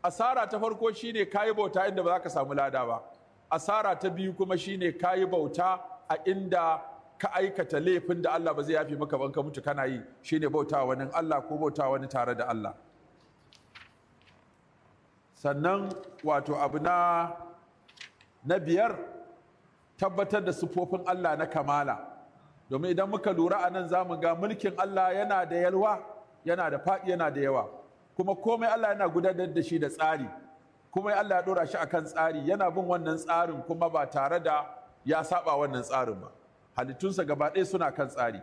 asara ta farko shine kayi bauta inda ba za ka samu lada ba asara ta biyu kuma shine kayi bauta a inda ka aikata laifin da Allah ba zai yafi maka ban ka mutu kana yi shine bauta wani Allah ko bauta wani tare da Allah sannan wato abu na na biyar tabbatar da sufofin Allah na kamala domin idan muka lura a nan zamu ga mulkin Allah yana da yalwa yana da faɗi yana da yawa kuma komai Allah yana gudanar da shi da tsari kuma Allah ya dora shi akan tsari yana bin wannan tsarin kuma ba tare da ya saba wannan tsarin ba halittunsa gaba ɗaya suna kan tsari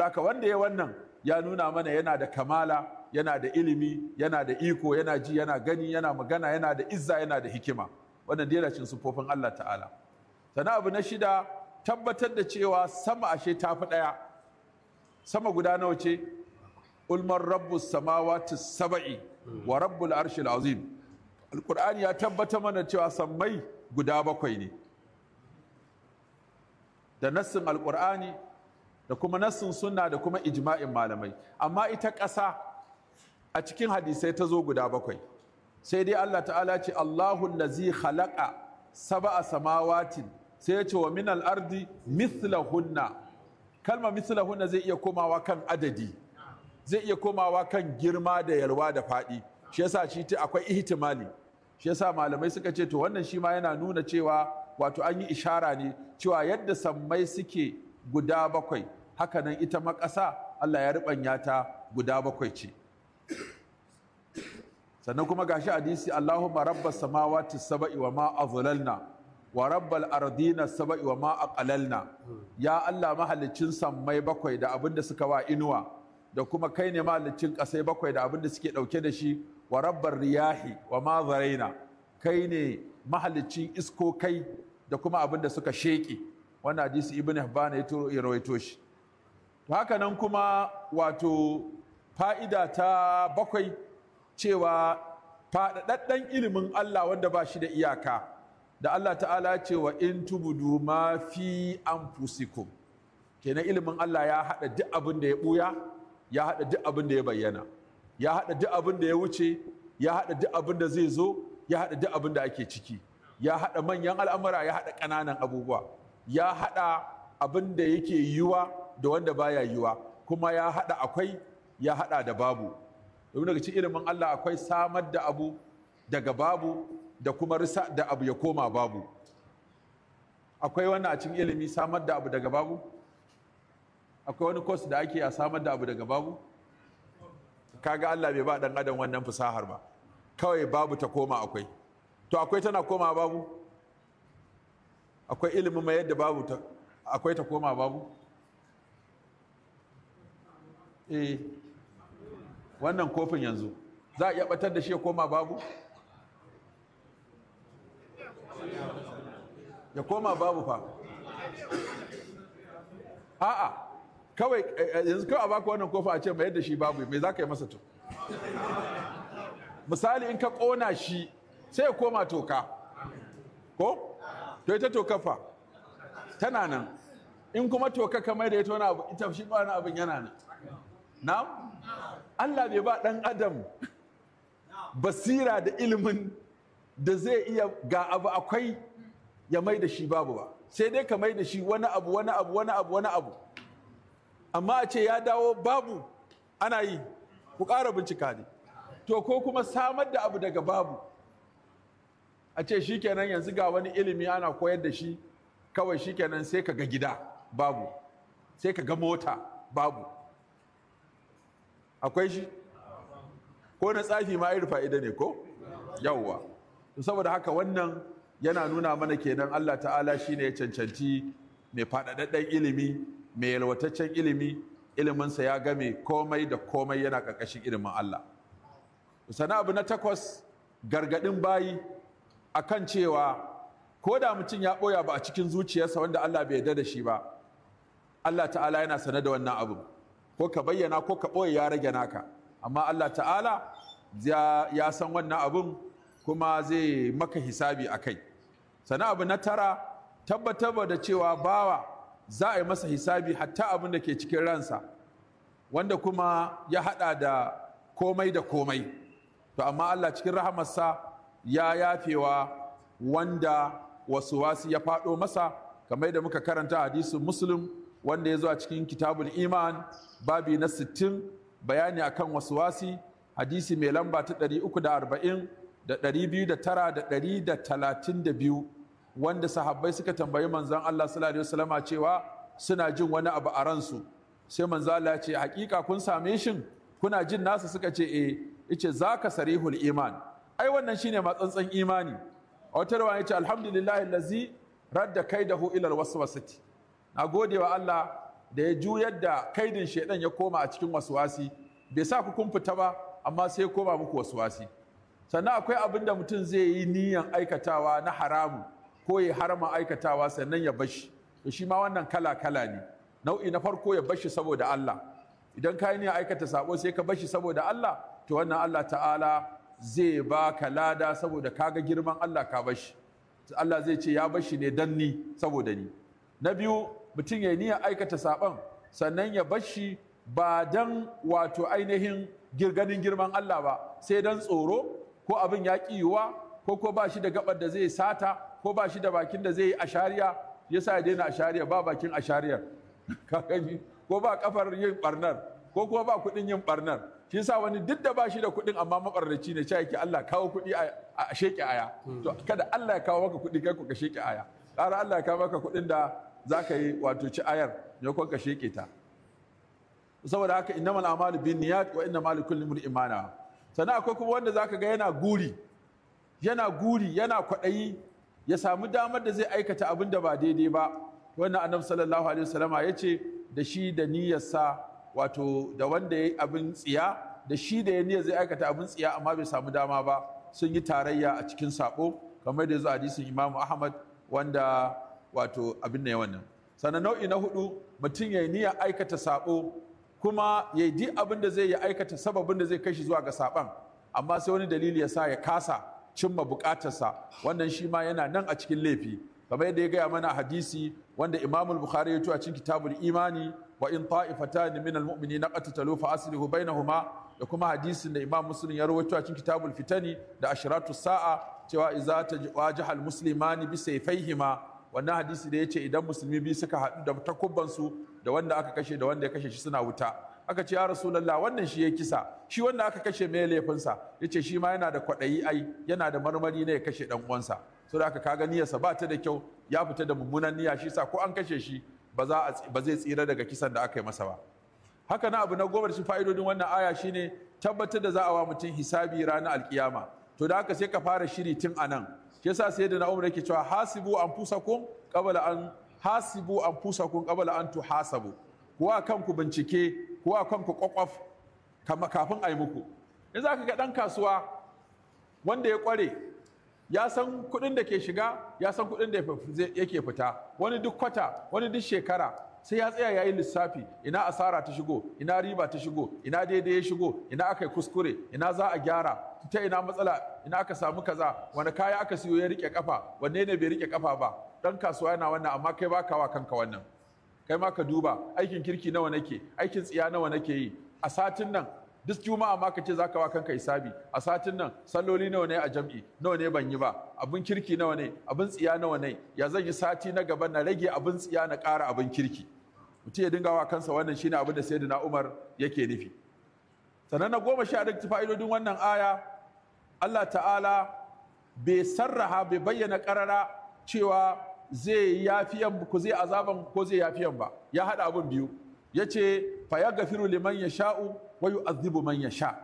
haka wanda ya wannan ya nuna mana yana da kamala yana da ilimi yana da iko yana ji yana gani yana magana yana da izza yana da hikima wannan dai cin sufofin Allah ta'ala sana abu na shida tabbatar da cewa sama ashe ta fi ɗaya sama guda nawa ce ulmar rabbus samawati saba'i wa rabbul arshil azim alqur'ani ya tabbatar mana cewa sammai guda bakwai ne da nassin alkur'ani da kuma nassin sunna da kuma ijma'in malamai amma ita ƙasa a cikin hadisai ta zo guda bakwai sai dai Allah ta'ala ce Allahu allazi khalaqa sab'a samawatin sai ya ce wa min al-ardi mithlahunna kalma mithlahunna zai iya komawa kan adadi zai iya komawa kan girma da yalwa da faɗi shi yasa shi ta akwai ihtimali shi yasa malamai suka ce to wannan shi ma yana nuna cewa wato an yi ishara ne cewa yadda sammai suke guda bakwai hakanan ita makasa Allah ya riɓanya ta guda bakwai ce sannan kuma gashi hadisi Allahumma rabbas samawati sab'i wa ma azlalna wa rabbal ardina sab'i wa ma aqalalna ya Allah mahallicin sammai bakwai da abin da suka wa inuwa da kuma kai ne mahallicin kasai bakwai da abin da suke dauke da shi wa rabbar riyahi wa ma zaraina kai ne mahallicin iskokai da kuma abin da suka sheƙi wannan hadisi ibn habana ya rawaito shi To haka nan kuma wato fa'ida ta bakwai cewa faɗaɗɗen ilimin Allah wanda ba shi da iyaka da Allah ta'ala cewa in tubudu ma fi anfusikum kenan ilimin Allah ya haɗa duk abin da ya ɓuya ya haɗa duk abin da ya bayyana ya haɗa duk abin da ya wuce ya haɗa duk abin da zai zo ya haɗa duk abin da ake ciki ya haɗa manyan al'amura ya haɗa ƙananan abubuwa ya haɗa abin da yake yiwa da wanda baya yiwa kuma ya haɗa akwai ya haɗa da babu domin daga cikin ilimin Allah akwai samar da abu daga babu da kuma risa da abu ya koma babu akwai wannan a cikin ilimi samar da abu daga babu akwai wani kos da ake a samar da abu daga babu kaga Allah bai ba dan adam wannan fasahar ba kawai babu ta koma akwai to akwai tana koma babu akwai ilimin mai yadda babu ta akwai ta koma babu eh wannan kofin yanzu za a yabatar da shi ya koma babu ya koma babu fa a'a kawai eh, eh, yanzu kawai a baka wannan kofa a ce mai yadda shi babu mai za ka yi masa to misali in ka kona shi sai ya koma toka ko to ita toka fa tana nan in kuma toka kamar da ita wani abu ita shi wani abin yana nan na Allah bai ba dan adam basira da ilimin da zai iya ga abu akwai ya mai da shi babu ba sai dai ka mai da shi wani abu wani abu wani abu wani abu amma a ce ya dawo babu ana yi ku ƙara bincika ne to ko kuma samar da abu daga babu a ce shikenan yanzu ga wani ilimi ana koyar da shi kawai shikenan sai ka ga gida babu sai ka ga mota babu akwai shi ko na tsafi ma irin fa'ida ne ko yawwa saboda haka wannan yana nuna mana kenan Allah ta'ala shine ya cancanci mai faɗaɗaɗɗen ilimi mai yalwataccen ilimi iliminsa ya game komai da komai yana ƙarƙashin ilimin Allah sana abu na takwas gargaɗin bayi akan cewa ko da mutum ya ɓoya ba a cikin zuciyarsa wanda Allah bai yarda da shi ba Allah ta'ala yana sane da wannan abu ko ka bayyana ko ka ɓoye ya rage naka amma Allah ta'ala ya san wannan abun kuma zai maka hisabi a kai sana abu na tara tabbatar da cewa bawa za a yi masa hisabi hatta abin da ke cikin ransa wanda kuma ya haɗa da komai da komai to amma Allah cikin rahamarsa ya yafewa wanda wasu wasuwasi ya faɗo masa kamar da muka karanta hadisin muslim wanda ya zo a cikin kitabul iman babi na 60 bayani akan wasuwasi hadisi mai lamba ta 340 da 209 da 132 wanda sahabbai suka tambayi manzon Allah sallallahu alaihi cewa suna jin wani abu a ransu sai manzo Allah ya ce hakika kun same shin kuna jin nasa suka ce eh yace zaka sarihul iman ai wannan shine matsantsan imani a wata rawa yace alhamdulillahi allazi radda kaidahu ila alwaswasati na gode wa Allah da ya juyar da kaidin shaidan ya koma a cikin waswasi bai sa ku kun fita ba amma sai ya koma muku waswasi sannan akwai abin da mutum zai yi niyan aikatawa na haramu ko ya harama aikatawa sannan ya bashi to shi ma wannan kala kala ne nau'i na farko ya bashi saboda Allah idan ka yi aikata sabo sai ka bashi saboda Allah to wannan Allah ta'ala zai ba ka lada saboda kaga girman Allah ka bashi Allah zai ce ya bashi ne dan ni saboda ni na biyu mutum ya niyya aikata saban sannan ya bashi ba dan wato ainihin girganin girman Allah ba sai dan tsoro ko abin ya kiyuwa ko ko ba shi da gabar da zai sata ko ba shi da bakin da zai yi ashariya yasa ya daina ashariya ba bakin ashariyar ko ba kafar yin barnar ko ko ba kudin yin barnar shi sa wani duk da bashi da kuɗin amma mabarraci ne cewa yake Allah kawo kuɗi a sheke aya hmm. to kada Allah ya kawo maka kuɗi kai ku ka sheke aya ƙara Allah ya kawo maka kuɗin da zaka yi wato ci ayar ne ka sheke ta saboda haka mal a'malu binniyat wa mal kulli imrin imana sannan akwai kuma wanda zaka ga yana guri yana guri yana kwaɗayi ya samu damar da zai aikata abin da ba daidai ba wannan annabi sallallahu alaihi wasallama yace da shi da niyyarsa wato da wanda ya yi abin tsiya da shi da ya niyya zai aikata abin tsiya amma bai samu dama ba sun yi tarayya a cikin sabo kamar da yanzu hadisin imamu ahmad wanda wato abin ne wannan sannan nau'i na hudu mutum ya yi niyya aikata sabo kuma ya yi abin da zai yi aikata sababin da zai kai shi zuwa ga saban amma sai wani dalili ya sa ya kasa cimma bukatarsa wannan shi ma yana nan a cikin laifi kamar yadda ya gaya mana hadisi wanda imamul bukhari ya a cikin kitabul imani wa in ta'ifatan min almu'minina qatatalu fa aslihu bainahuma da kuma hadisin da Imam Muslim ya rawaito a cikin Kitabul Fitani da Ashratu Sa'a cewa idza tawajaha muslimani bi sayfaihima wannan hadisi da yace idan musulmi bi suka haɗu da takubban su da wanda aka kashe da wanda ya kashe shi suna wuta aka ce ya rasulullah wannan shi ya kisa shi wanda aka kashe mai laifinsa yace shi ma yana da kwaɗayi ai yana da marmari ne ya kashe dan uwansa saboda aka kaga niyyarsa ba ta da kyau ya fita da mummunan niyya shi sa ko an kashe shi ba zai tsira daga kisan da aka yi masa ba haka na abu na goma da shi fa'idodin wannan aya shi ne tabbatar da za a wa mutum hisabi ranar alkiyama to da haka sai ka fara shiri tun nan shi yasa sai da na umar yake cewa hasibu anfusakum qabla an hasibu kun kabala an tu hasabu? Kuwa kanku bincike kuwa kanku kwakwaf kafin a yi muku in za ka ga ɗan kasuwa wanda ya kware ya san kuɗin da ke shiga ya san kuɗin da yake fita wani duk kwata wani duk shekara sai ya tsaya ya yi lissafi ina asara ta shigo ina riba ta shigo ina daidai ya shigo ina aka yi kuskure ina za a gyara ta ina matsala ina aka samu kaza wani kaya aka siyo ya rike kafa wanne ne bai rike kafa ba dan kasuwa yana wannan amma kai ba kawa kanka wannan kai ma ka duba aikin kirki nawa nake aikin tsiya nawa nake yi a satin nan duk juma'a ma ka ce za ka wa kanka hisabi a satin nan salloli nawa ne a jam'i nawa ne ban yi ba abin kirki nawa ne abin tsiya nawa ne ya zan yi sati na gaba na rage abin tsiya na ƙara abin kirki mutum ya dinga wa kansa wannan shine abin da sayyidina Umar yake nufi sannan na goma sha duk fa'idodin wannan aya Allah ta'ala bai sarraha bai bayyana karara cewa zai yafiyan ku zai azaban ko zai yafiyan ba ya hada abin biyu yace fa ya gafiru liman ya sha'u wa yu'adhibu man ya sha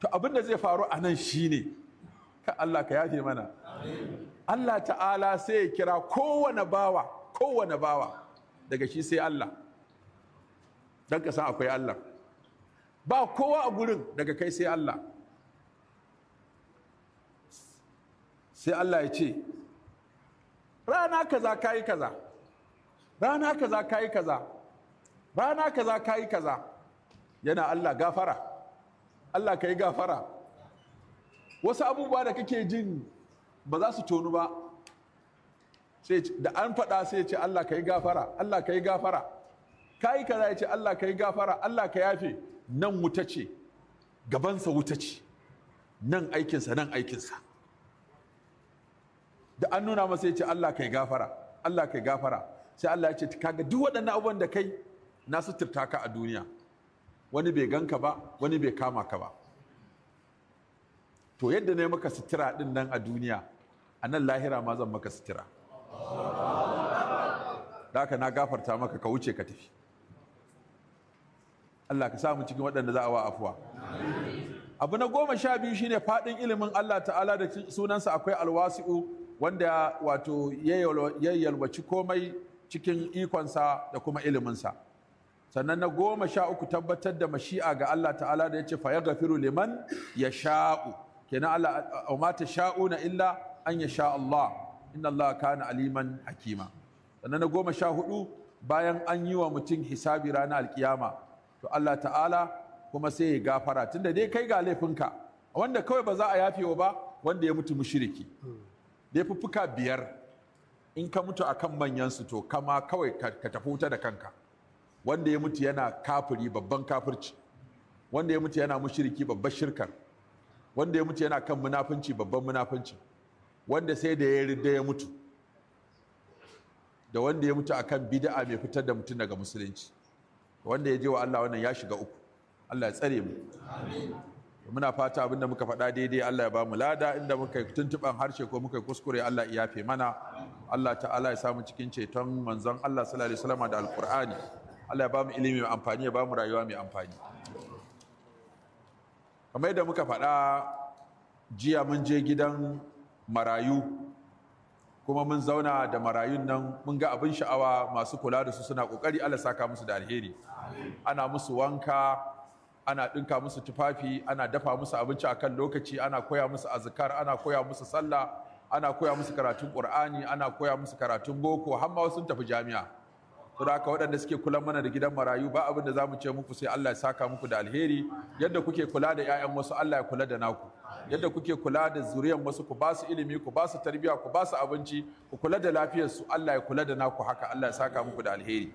to abinda zai faru a nan shi ne, ka Allah ka yafe mana Allah ta'ala sai ya kira kowane bawa kowane bawa daga shi sai Allah don ka san akwai Allah ba kowa a gurin daga kai sai Allah sai Allah ya ce rana kaza kayi kaza rana kaza kayi kaza rana kaza ka yi kaza yana Allah gafara Allah ka yi gafara wasu abubuwa da kake jin ba za su tonu ba sai da an faɗa sai ce Allah ka yi gafara Allah ka yi gafara ka yi kaza ya ce Allah ka yi gafara Allah ka yafe nan wuta ce gabansa wuta ce nan aikinsa nan aikinsa da an nuna masa ya ce Allah ka yi gafara Allah ka yi gafara sai Allah ya ce kaga duk waɗannan abubuwan da kai na suturta ka a duniya wani bai ganka ba wani bai kama ka ba to yadda ne maka sutura din nan a duniya a nan lahira ma zan maka sutura da haka na gafarta maka ka wuce ka tafi Allah ka samu cikin waɗanda za a wa afuwa abu na goma sha biyu shine faɗin ilimin Allah ta'ala da sunansa akwai alwasu wanda wato ya yalwaci komai cikin ikonsa da kuma iliminsa sannan na goma sha uku tabbatar da mashi'a ga Allah ta'ala da ya ce fa ya gafiru liman ya sha'u kenan Allah a mata sha'una illa an ya sha Allah inna Allah kana aliman hakima sannan na goma sha hudu bayan an yi wa mutum hisabi ranar alkiyama to Allah ta'ala kuma sai ya gafara tunda dai kai ga laifinka wanda kawai ba za a yafe wa ba wanda ya mutu mushriki laifuffuka biyar in ka mutu akan manyan su to kama kawai ka tafi wuta da kanka wanda ya mutu yana kafiri babban kafirci wanda ya mutu yana mushiriki babban shirkar wanda ya mutu yana kan munafunci babban munafunci wanda sai da ya ridda ya mutu da wanda ya mutu akan bida'a mai fitar da mutum daga musulunci wanda ya je wa Allah wannan ya shiga uku Allah ya tsare mu amin muna fata abin da muka faɗa daidai Allah ya bamu lada inda muka yi tuntuɓan harshe ko muka yi kuskure Allah ya yafe mana Allah ta'ala ya samu cikin ceton manzon Allah sallallahu alaihi wasallam da alqur'ani Allah ya ba mu ilimi mai amfani ya ba mu rayuwa mai amfani kamar yadda muka faɗa jiya mun je gidan marayu kuma mun zauna da marayun nan mun ga abin sha'awa masu kula da su suna ƙoƙari Allah saka musu da alheri ana musu wanka ana ɗinka musu tufafi ana dafa musu abinci akan lokaci ana koya musu azkar ana koya musu sallah ana koya musu karatun ƙur'ani ana koya musu karatun boko har ma sun tafi jami'a saboda haka waɗanda suke kula mana da gidan marayu ba abin da za mu ce muku sai Allah ya saka muku da alheri yadda kuke kula da 'ya'yan wasu Allah ya kula da naku yadda kuke kula da zuriyan wasu ku ba su ilimi ku ba su tarbiyya ku ba su abinci ku kula da lafiyar su Allah ya kula da naku haka Allah ya saka muku da alheri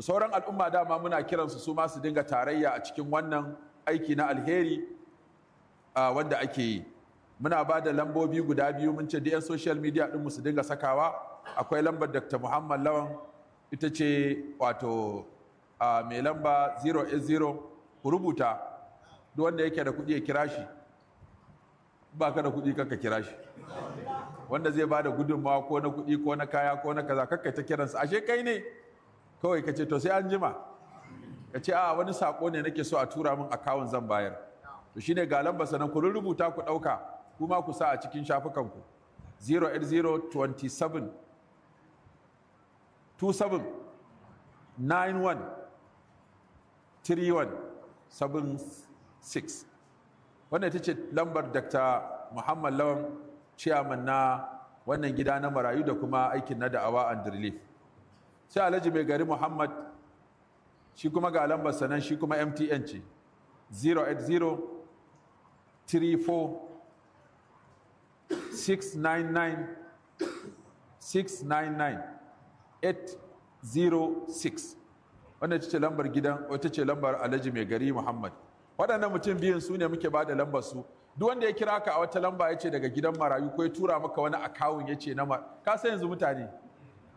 sauran al'umma dama muna kiran su ma su dinga tarayya a cikin wannan aiki na alheri wanda ake yi muna ba da lambobi guda biyu mun ce da 'yan social media mu su dinga sakawa akwai lambar dr muhammad lawan ita ce wato a mai lamba 080 ku rubuta duk wanda yake da kuɗi ya kira shi ba ka da kuɗi kanka kira shi wanda zai bada gudunmawa ko na kuɗi ko na kaya ko na kaza kanka ta kiransa ashe kai ne kawai ka ce to sai an jima ka ce a wani sako ne nake so a tura min akawun zan bayar to shine ga lamba sanan ku rubuta ku ɗauka kuma ku sa a cikin shafukanku 08027 27913176 wannan ita ce lambar dr muhammad lawan ciyaman na wannan gida na marayu da kuma aikin na da'awa and relief sai alhaji mai gari muhammad shi kuma ga lambar sanan shi kuma mtn ce 080 34 699 699 806 wannan ce lambar gidan wata ce lambar alhaji mai gari muhammad waɗannan mutum biyun su ne muke ba da lambar su duk wanda ya kira ka a wata lamba ya ce daga gidan marayu ko ya tura maka wani akawun ya ce na mar ka san yanzu mutane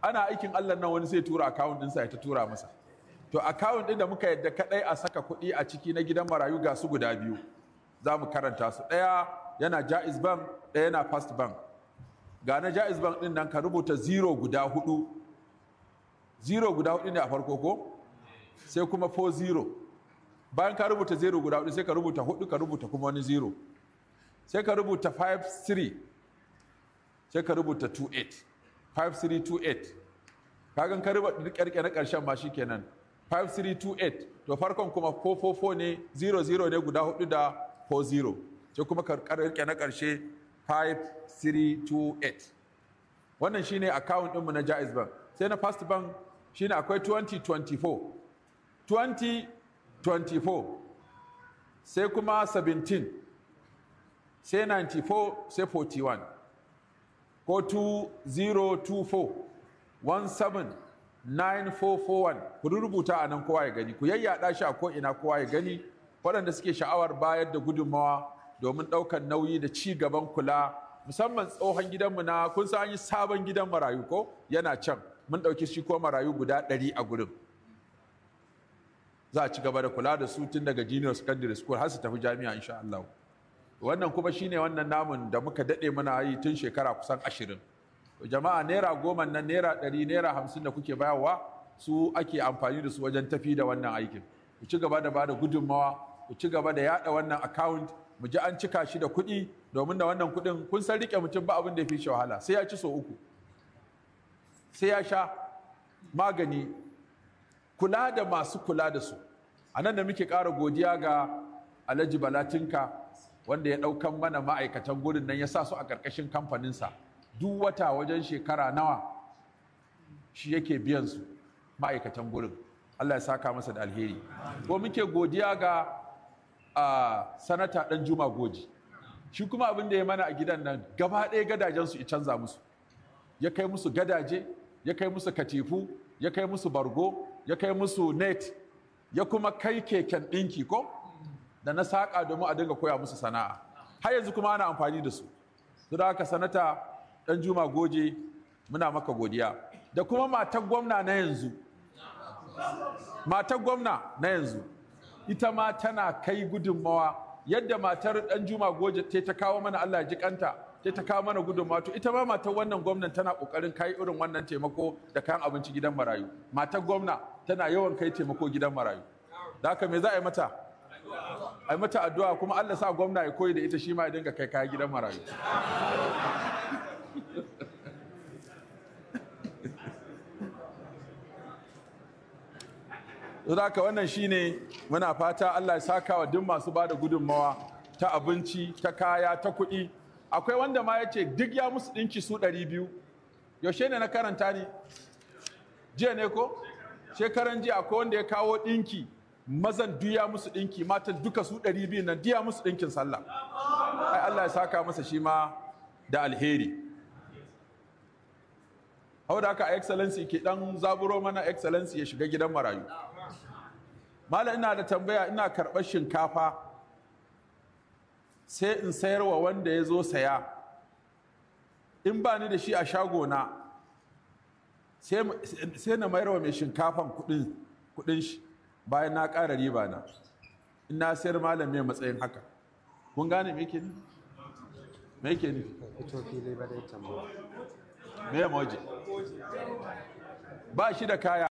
ana aikin allah nan wani sai tura akawun ɗinsa ya ta tura masa to akawun ɗin da muka yadda kaɗai a saka kuɗi a ciki na gidan marayu ga su guda biyu za mu karanta su ɗaya yana jaiz bank ɗaya yana fast bank ga na jaiz bank ɗin nan ka rubuta zero guda hudu zero guda hudu ne a farko ko sai kuma 4 zero bayan ka rubuta zero guda hudu sai ka rubuta hudu ka rubuta kuma wani zero sai ka rubuta 5 3 sai ka rubuta 2 8 5 3 2 8 kagan ka rubuta duk yarke na karshen ma shikenan 5 3 2 8 to farkon kuma 4 4 4 ne 0 0 ne guda hudu da 4 0 sai kuma ka karke na karshe 5 3 2 8 wannan shine account ɗinmu na Jaiz Bank sai na fast Bank shine akwai 2024 2024 sai kuma 17 sai 94 sai 41 ko 2024 179441 ku rubuta a nan kowa ya gani ku yayyada shi a ko'ina kowa ya gani waɗanda suke sha'awar bayar da gudunmawa domin ɗaukar nauyi da ci gaban kula musamman tsohon gidanmu na kun san yi sabon gidan marayu ko yana can mun ɗauki shi ko marayu guda ɗari a gurin za a ci gaba da kula da su tun daga junior secondary school har su tafi jami'a insha Allah wannan kuma shine wannan namun da muka daɗe muna yi tun shekara kusan ashirin jama'a naira goma nan naira ɗari naira hamsin da kuke bayarwa su ake amfani da su wajen tafi da wannan aikin ku ci gaba da ba da gudunmawa ku ci gaba da yaɗa wannan account mu ji an cika shi da kuɗi domin da wannan kuɗin kun san riƙe mutum ba abin da ya fi shi wahala sai ya ci so uku sai ya sha magani kula da masu kula da su a nan da muke ƙara godiya ga alhaji balatinka wanda ya ɗaukan mana ma'aikatan gudun nan ya sa su a ƙarƙashin kamfaninsa duk wata wajen shekara nawa shi yake biyan su ma'aikatan gudun. allah ya saka masa da alheri ko muke godiya ga a sanata ɗan juma goji shi kuma abin da ya mana a gidan nan gaba ɗaya su ya canza musu ya kai musu gadaje ya kai musu katifu ya kai musu bargo ya kai musu net ya kuma kai keken ɗinki ko da na saƙa domin a dinga koya musu sana'a har yanzu kuma ana amfani da su su da haka sanata ɗan juma goje muna maka godiya da kuma matar gwamna na yanzu matar gwamna na yanzu ita ma tana kai gudunmawa yadda matar ɗan juma goje ta kawo mana allah ji kanta sai ta kawo mana gudunmawa to ita ma matar wannan gwamnan tana kokarin kai irin wannan taimako da kayan abinci gidan marayu matar gwamna tana yawan kai taimako gidan marayu da haka me za a yi mata a yi mata addu'a kuma Allah sa gwamna ya koyi da ita shi ma ya dinga kai kaya gidan marayu da haka wannan shine muna fata Allah ya saka wa duk masu bada gudunmawa ta abinci ta kaya ta kuɗi akwai wanda ma ya ce duk ya musu ɗinki su ɗari biyu yaushe ne na karanta ni jiya ne ko shekaran jiya akwai wanda ya kawo ɗinki mazan duk ya musu ɗinki matan duka su ɗari biyu nan duk ya musu ɗinkin sallah ai Allah ya saka masa shi ma da alheri hau da aka excellency ke dan zaburo mana excellency ya shiga gidan marayu malam ina da tambaya ina karɓar shinkafa sai in sayarwa wanda ya zo saya in ba ni da shi a shagona sai na mayarwa mai shinkafan kudin shi bayan na ƙara riba na in na sayar malam mai matsayin haka kun gane me ke ni me ke ni me ba shi da kaya